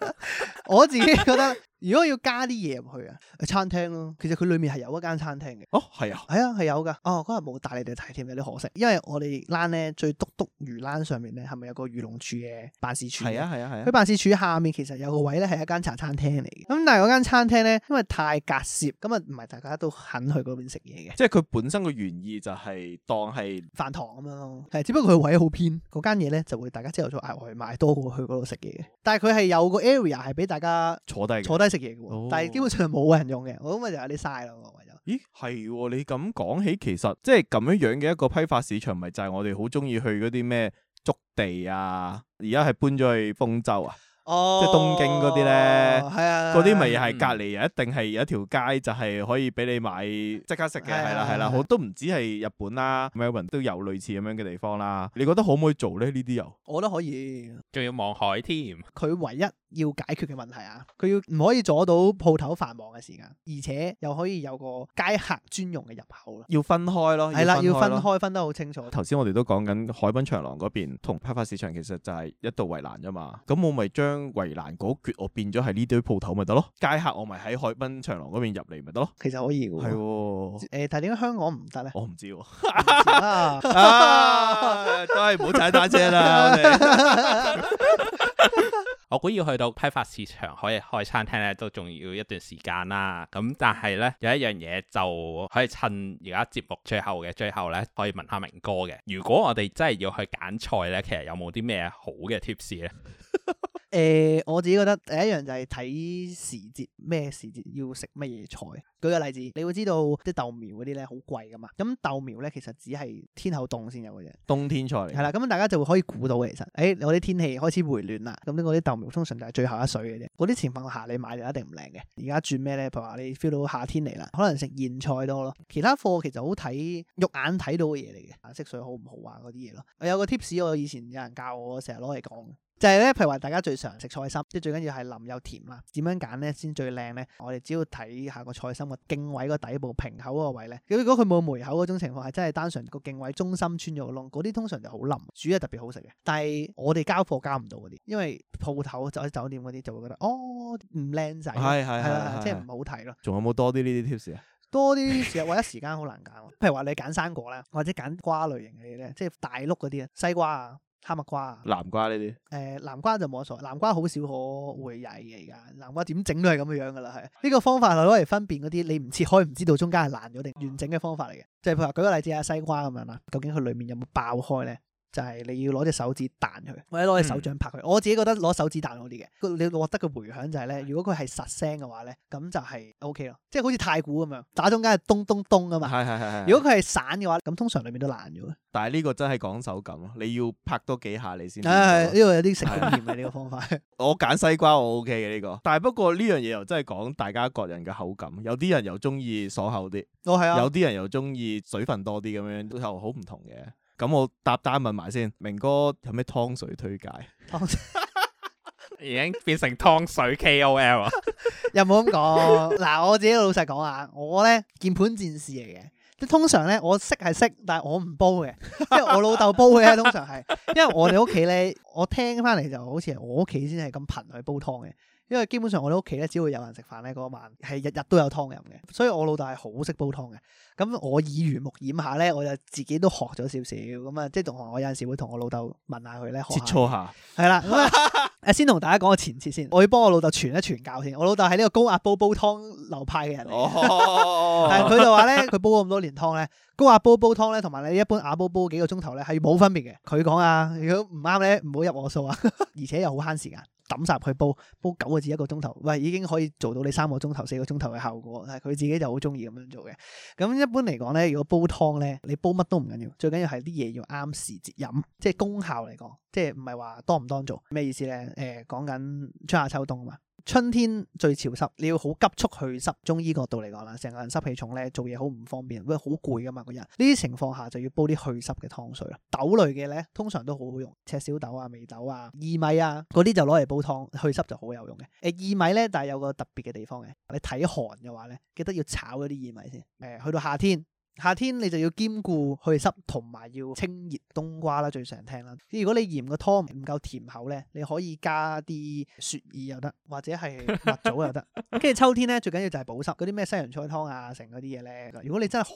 我自己覺得， 如果要加啲嘢入去啊，餐廳咯，其實佢裏面係有一間餐廳嘅、哦啊啊。哦，係啊。係啊，係有㗎。哦，嗰日冇帶你哋睇添，有啲可惜。因為我哋欄咧，最篤篤漁欄上面咧，係咪有個漁農處嘅辦事處？係啊，係啊，係啊。佢辦事處下面其實有個位咧，係一間茶餐廳嚟嘅。咁但係嗰間餐廳咧，因為太隔涉，咁啊，唔係大家都肯去嗰邊食嘢嘅。即係佢本身個原意就係當係飯堂咁樣咯，係只不過佢位好偏，嗰間嘢咧就會大家之後再嗌外賣多過去嗰度食嘢嘅。但係佢係有個 area 係俾大家坐低坐低食嘢嘅，哦、但係基本上冇人用嘅，我咁咪就係你嘥咯，唯有。咦，係、哦、你咁講起，其實即係咁樣樣嘅一個批發市場，咪就係、是、我哋好中意去嗰啲咩築地啊，而家係搬咗去豐洲啊。哦、即係東京嗰啲咧，嗰啲咪係隔離，啊、一定係有一條街就係可以俾你買即刻食嘅，係啦係啦，啊、都唔止係日本啦，咩人都有類似咁樣嘅地方啦。你覺得可唔可以做咧？呢啲又我都可以，仲要望海添。佢唯一要解決嘅問題啊，佢要唔可以阻到鋪頭繁忙嘅時間，而且又可以有個街客專用嘅入口咯。要分開咯，係啦，要分開，分得好清楚。頭先我哋都講緊海濱長廊嗰邊同批發市場其實就係一道圍欄啫嘛。咁我咪將圍欄嗰橛，我變咗係呢堆鋪頭咪得咯？街客我咪喺海濱長廊嗰邊入嚟咪得咯？其實可以嘅，係誒的、呃，但係點解香港唔得咧？我唔知，都係唔好踩單車啦。我哋、我估要去到批發市場可以開餐廳咧，都仲要一段時間啦。咁、嗯、但係咧，有一樣嘢就可以趁而家節目最後嘅最後咧，可以問下明哥嘅。如果我哋真係要去揀菜咧，其實有冇啲咩好嘅 tips 咧？誒、呃，我自己覺得第一樣就係睇時節，咩時節要食乜嘢菜。舉個例子，你會知道啲豆苗嗰啲咧好貴噶嘛。咁豆苗咧其實只係天后凍先有嘅啫，冬天菜。係啦，咁、嗯、大家就會可以估到嘅。其實，誒、哎、我啲天氣開始回暖啦，咁啲我啲豆苗通常就係最後一水嘅啫。嗰啲情況下你買就一定唔靚嘅。而家轉咩咧？譬如話你 feel 到夏天嚟啦，可能食莧菜多咯。其他貨其實好睇肉眼睇到嘅嘢嚟嘅，顏色水好唔好啊嗰啲嘢咯。我有個 tips，我以前有人教我，成日攞嚟講。就係咧，譬如話大家最常食菜心，即係最緊要係腍又甜啦。點樣揀咧先最靚咧？我哋只要睇下個菜心個莖位個底部瓶口嗰個位咧。如果佢冇梅口嗰種情況，係真係單純個莖位中心穿咗個窿，嗰啲通常就好腍，煮又特別好食嘅。但係我哋交貨交唔到嗰啲，因為鋪頭或者酒店嗰啲就會覺得哦，唔靚仔，係係係，即係唔好睇咯。仲有冇多啲呢啲 tips 啊？多啲，其實我一時間好難揀。譬如話你揀生果啦，或者揀 瓜類型嘅嘢咧，即係大碌嗰啲啊，西瓜啊。哈密瓜、呃、南瓜呢啲？誒南瓜就冇錯，南瓜好少可會曳嘅而家。南瓜點整都係咁樣嘅啦，係呢、呢個方法係攞嚟分辨嗰啲你唔切開唔知道中間係爛咗定完整嘅方法嚟嘅。即係譬如話舉個例子啊，西瓜咁樣啦，究竟佢裏面有冇爆開咧？就係你要攞隻手指彈佢，或者攞隻手掌拍佢。嗯、我自己覺得攞手指彈好啲嘅。你獲得嘅回響就係、是、咧，如果佢係實聲嘅話咧，咁就係 O K 咯，即係好似太鼓咁樣打中間係咚咚咚啊嘛。係係係係。如果佢係散嘅話，咁通常裏面都爛咗。但係呢個真係講手感咯，你要拍多幾下你先。係係，因為有啲食厭啊呢 個方法。 我揀西瓜我 O K 嘅呢個，但係不過呢樣嘢又真係講大家各人嘅口感，有啲人又中意所厚啲，都係啊。有啲人又中意水分多啲咁樣，都有好唔同嘅。咁我搭單問埋先，明哥有咩湯水推介？ 已經變成湯水 K O L 啊！ 有冇咁講？嗱， 我自己老實講啊，我咧鍵盤戰士嚟嘅，即通常咧我識係識，但係我唔煲嘅，即、就、係、是、我老豆煲嘅咧， 通常係，因為我哋屋企咧，我聽翻嚟就好似係我屋企先係咁頻去煲湯嘅。因為基本上我哋屋企咧，只會有人食飯咧嗰晚，係日日都有湯飲嘅，所以我老豆係好識煲湯嘅。咁我耳濡目染下咧，我就自己都學咗少少。咁啊，即係同我有陣時會同我老豆問下佢咧，切磋下。係啦，誒， 先同大家講個前設先，我要幫我老豆傳一傳教先。我老豆係呢個高壓煲煲湯流派嘅人嚟，佢就話咧，佢 煲咗咁多年湯咧，高壓煲煲湯咧，同埋你一般瓦煲煲幾個鐘頭咧，係冇分別嘅。佢講啊，如果唔啱咧，唔好入我數啊， 而且又好慳時間。抌晒去煲，煲九個字一個鐘頭，喂，已經可以做到你三個鐘頭四個鐘頭嘅效果，但係佢自己就好中意咁樣做嘅。咁一般嚟講咧，如果煲湯咧，你煲乜都唔緊要，最緊要係啲嘢要啱時節飲，即係功效嚟講，即係唔係話當唔當做咩意思咧？誒、呃，講緊春夏秋冬嘛？春天最潮濕，你要好急速去濕。中醫角度嚟講啦，成個人濕氣重咧，做嘢好唔方便，會好攰噶嘛，個人呢啲情況下就要煲啲去濕嘅湯水咯。豆類嘅咧，通常都好好用，赤小豆啊、眉豆啊、薏米啊嗰啲就攞嚟煲湯去濕就好有用嘅。誒，薏米咧，但係有個特別嘅地方嘅，你體寒嘅話咧，記得要炒嗰啲薏米先。誒、呃，去到夏天。夏天你就要兼顧去濕同埋要清熱，冬瓜啦，最常聽啦。如果你嫌個湯唔夠甜口咧，你可以加啲雪耳又得，或者係蜜棗又得。跟住 秋天咧，最緊要就係補濕，嗰啲咩西洋菜湯啊，成嗰啲嘢咧。如果你真係好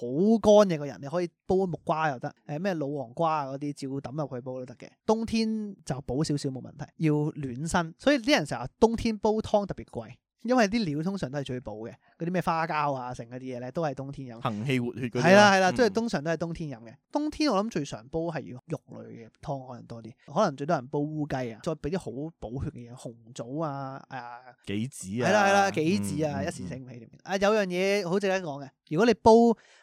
乾嘅個人，你可以煲木瓜又得，誒咩老黃瓜啊嗰啲，照抌入去煲都得嘅。冬天就補少少冇問題，要暖身。所以啲人成日冬天煲湯特別貴。因為啲料通常都係最補嘅，嗰啲咩花膠啊，成嗰啲嘢咧，都係冬天飲。恆氣活血行氣活血嗰啲。係啦係啦，即係通常都係冬天飲嘅。嗯、冬天我諗最常煲係要肉類嘅湯可能多啲，可能最多人煲烏雞啊，再俾啲好補血嘅嘢，紅棗啊，誒杞子啊。係啦係啦，杞子啊，嗯、一時醒唔起。啊，有樣嘢好值得講嘅，如果你煲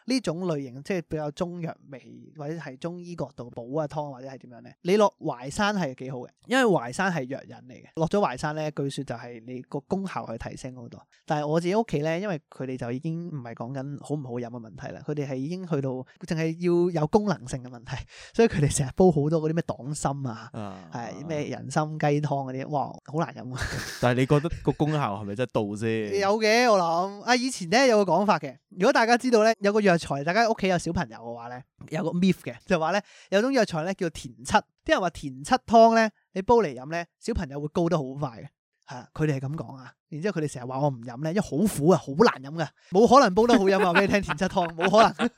呢種類型，即係比較中藥味或者係中醫角度補嘅湯或者係點樣咧，你落淮山係幾好嘅，因為淮山係藥引嚟嘅。落咗淮山咧，據說就係你個功效去提升好多，但係我自己屋企咧，因為佢哋就已經唔係講緊好唔好飲嘅問題啦，佢哋係已經去到淨係要有功能性嘅問題，所以佢哋成日煲好多嗰啲咩黨參啊，係咩、啊、人參雞湯嗰啲，哇，好難飲啊！但係你覺得個功效係咪真係到啫？ 有嘅，我諗啊，以前咧有個講法嘅，如果大家知道咧有個藥材，大家屋企有小朋友嘅話咧，有個 myth 嘅，就話咧有種藥材咧叫田七，啲人話田七湯咧你煲嚟飲咧，小朋友會高得好快嘅。係，佢哋係咁講啊，然之後佢哋成日話我唔飲咧，因為好苦啊，好難飲嘅，冇可能煲得好飲啊，俾你聽田七湯，冇可能。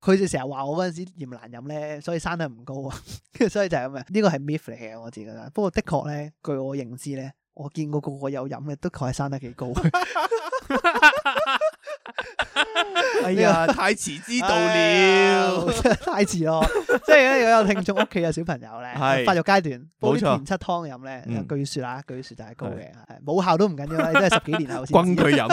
佢哋成日話我嗰陣時嫌難飲咧，所以生得唔高啊， 所以就係咁樣。呢個係 myth 嚟嘅，我自己覺得，不過的確咧，據我認知咧，我見過個個有飲嘅都係生得幾高。 哎呀，太遲知道了，哎、太遲咯！ 即係如果有聽眾屋企嘅小朋友咧， 發育階段煲啲田七湯飲咧，嗯、據說啊，據說就係高嘅，冇效，嗯、都唔緊要啦，你都係十幾年後先。灌佢飲，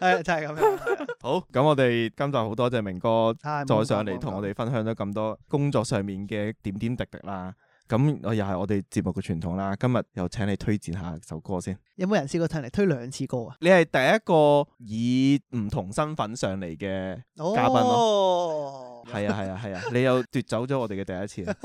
係 就係咁樣。 好，咁我哋今集好多謝明哥、哎、再上嚟同我哋分享咗咁多工作上面嘅點，點點滴滴啦。咁、嗯、我又係我哋節目嘅傳統啦，今日又請你推薦下首歌先。有冇人試過聽你推兩次歌啊？你係第一個以唔同身份上嚟嘅嘉賓咯、哦。係、哦、啊係 啊係啊，啊，你又奪走咗我哋嘅第一次。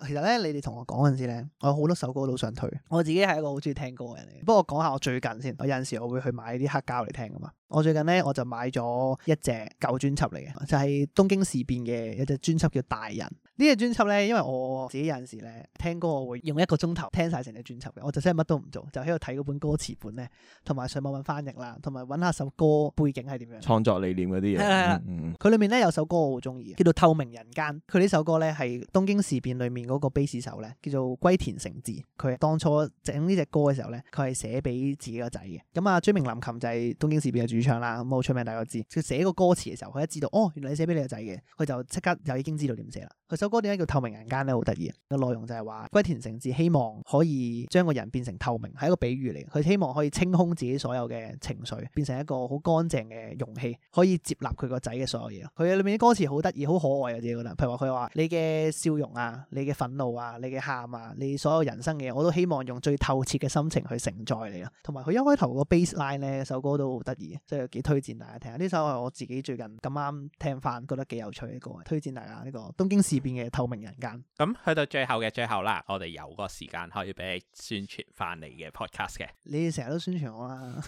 其實咧，你哋同我講嗰陣時咧，我有好多首歌都想推。我自己係一個好中意聽歌嘅人嚟。不過講下我最近先，我有陣時我會去買啲黑膠嚟聽噶嘛。我最近咧我就買咗一隻舊專輯嚟嘅，就係、是、東京事變嘅一隻專輯叫《大人》。啲嘅專輯咧，因為我自己有陣時咧聽歌，我會用一個鐘頭聽晒成隻專輯嘅，我就真係乜都唔做，就喺度睇嗰本歌詞本咧，同埋上網揾翻譯啦，同埋揾下首歌背景係點樣、創作理念嗰啲嘢。佢裏、 嗯嗯、面咧有首歌我好中意，叫做《透明人間》。佢呢首歌咧係《東京事變》裏面嗰個貝斯手咧，叫做龜田誠治。佢當初整呢隻歌嘅時候咧，佢係寫俾自己個仔嘅。咁、嗯、啊，椎名林檎就係《東京事變》嘅主唱啦，咁好出名，大家知。佢寫個歌詞嘅時候，佢一知道，哦，原來你寫俾你個仔嘅，佢就即刻就已經知道點寫啦。哦哦。佢首歌點解叫透明人間咧？好得意，個內容就係話，龜田誠治希望可以將個人變成透明，係一個比喻嚟。佢希望可以清空自己所有嘅情緒，變成一個好乾淨嘅容器，可以接納佢個仔嘅所有嘢。佢裏面啲歌詞好得意，好可愛嘅嘢㗎，自己覺得，譬如話，佢話「你嘅笑容啊，你嘅憤怒啊，你嘅喊啊，你所有人生嘅嘢，我都希望用最透徹嘅心情去承載你啊。」同埋佢一開頭個 base line 咧，首歌都好得意嘅，所以幾推薦大家聽。呢首係我自己最近咁啱聽翻，覺得幾有趣嘅歌，推薦大家呢、這個東京事變。邊嘅透明人間咁、嗯、去到最後嘅最後啦，我哋有個時間可以俾你宣傳翻嚟嘅 podcast 嘅。你成日都宣傳我啦、啊，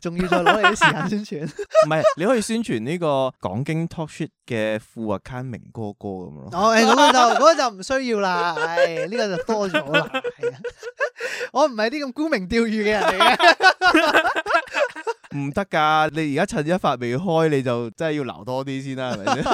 仲 要再攞嚟啲時間宣傳？唔係， 你可以宣傳呢、這個講經 Talkshit 嘅副 account 明哥哥咁咯。哦，誒，咁就咁就唔需要啦。唉、哎，呢、這個就多咗啦。 我唔係啲咁沽名釣譽嘅人嚟嘅。 唔得㗎！你而家趁一發未開，你就真係要留多啲先啦，係咪先？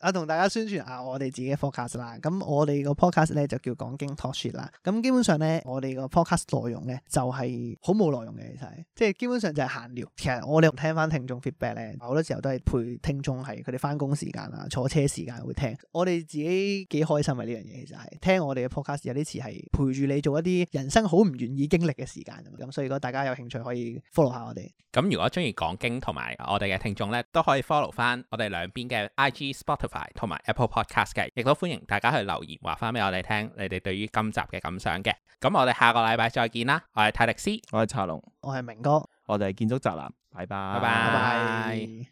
啊，同 大家宣傳下、啊、我哋自己嘅 podcast 啦。咁我哋個 podcast 咧就叫講經 Talkshit 啦。咁基本上咧，我哋個 podcast 內容咧就係好冇內容嘅、係，其實。即係基本上就係閒聊。其實我哋聽翻聽眾 feedback 咧，好多時候都係陪聽眾係佢哋翻工時間啦、坐車時間會聽。我哋自己幾開心嘅呢樣嘢，其實係聽我哋嘅 podcast 有啲詞係陪住你做一啲人生好唔願意經歷嘅時間。咁所以如果大家有興趣可以 follow 下我哋。咁如果中意講經同埋我哋嘅聽眾咧，都可以 follow 翻我哋兩邊嘅 IG、Spotify 同埋 Apple Podcast 嘅，亦都歡迎大家去留言話翻俾我哋聽，你哋對於今集嘅感想嘅。咁我哋下個禮拜再見啦！我係泰迪斯，我係茶龍，我係明哥，我哋係建築宅男，拜拜，拜拜 bye。Bye bye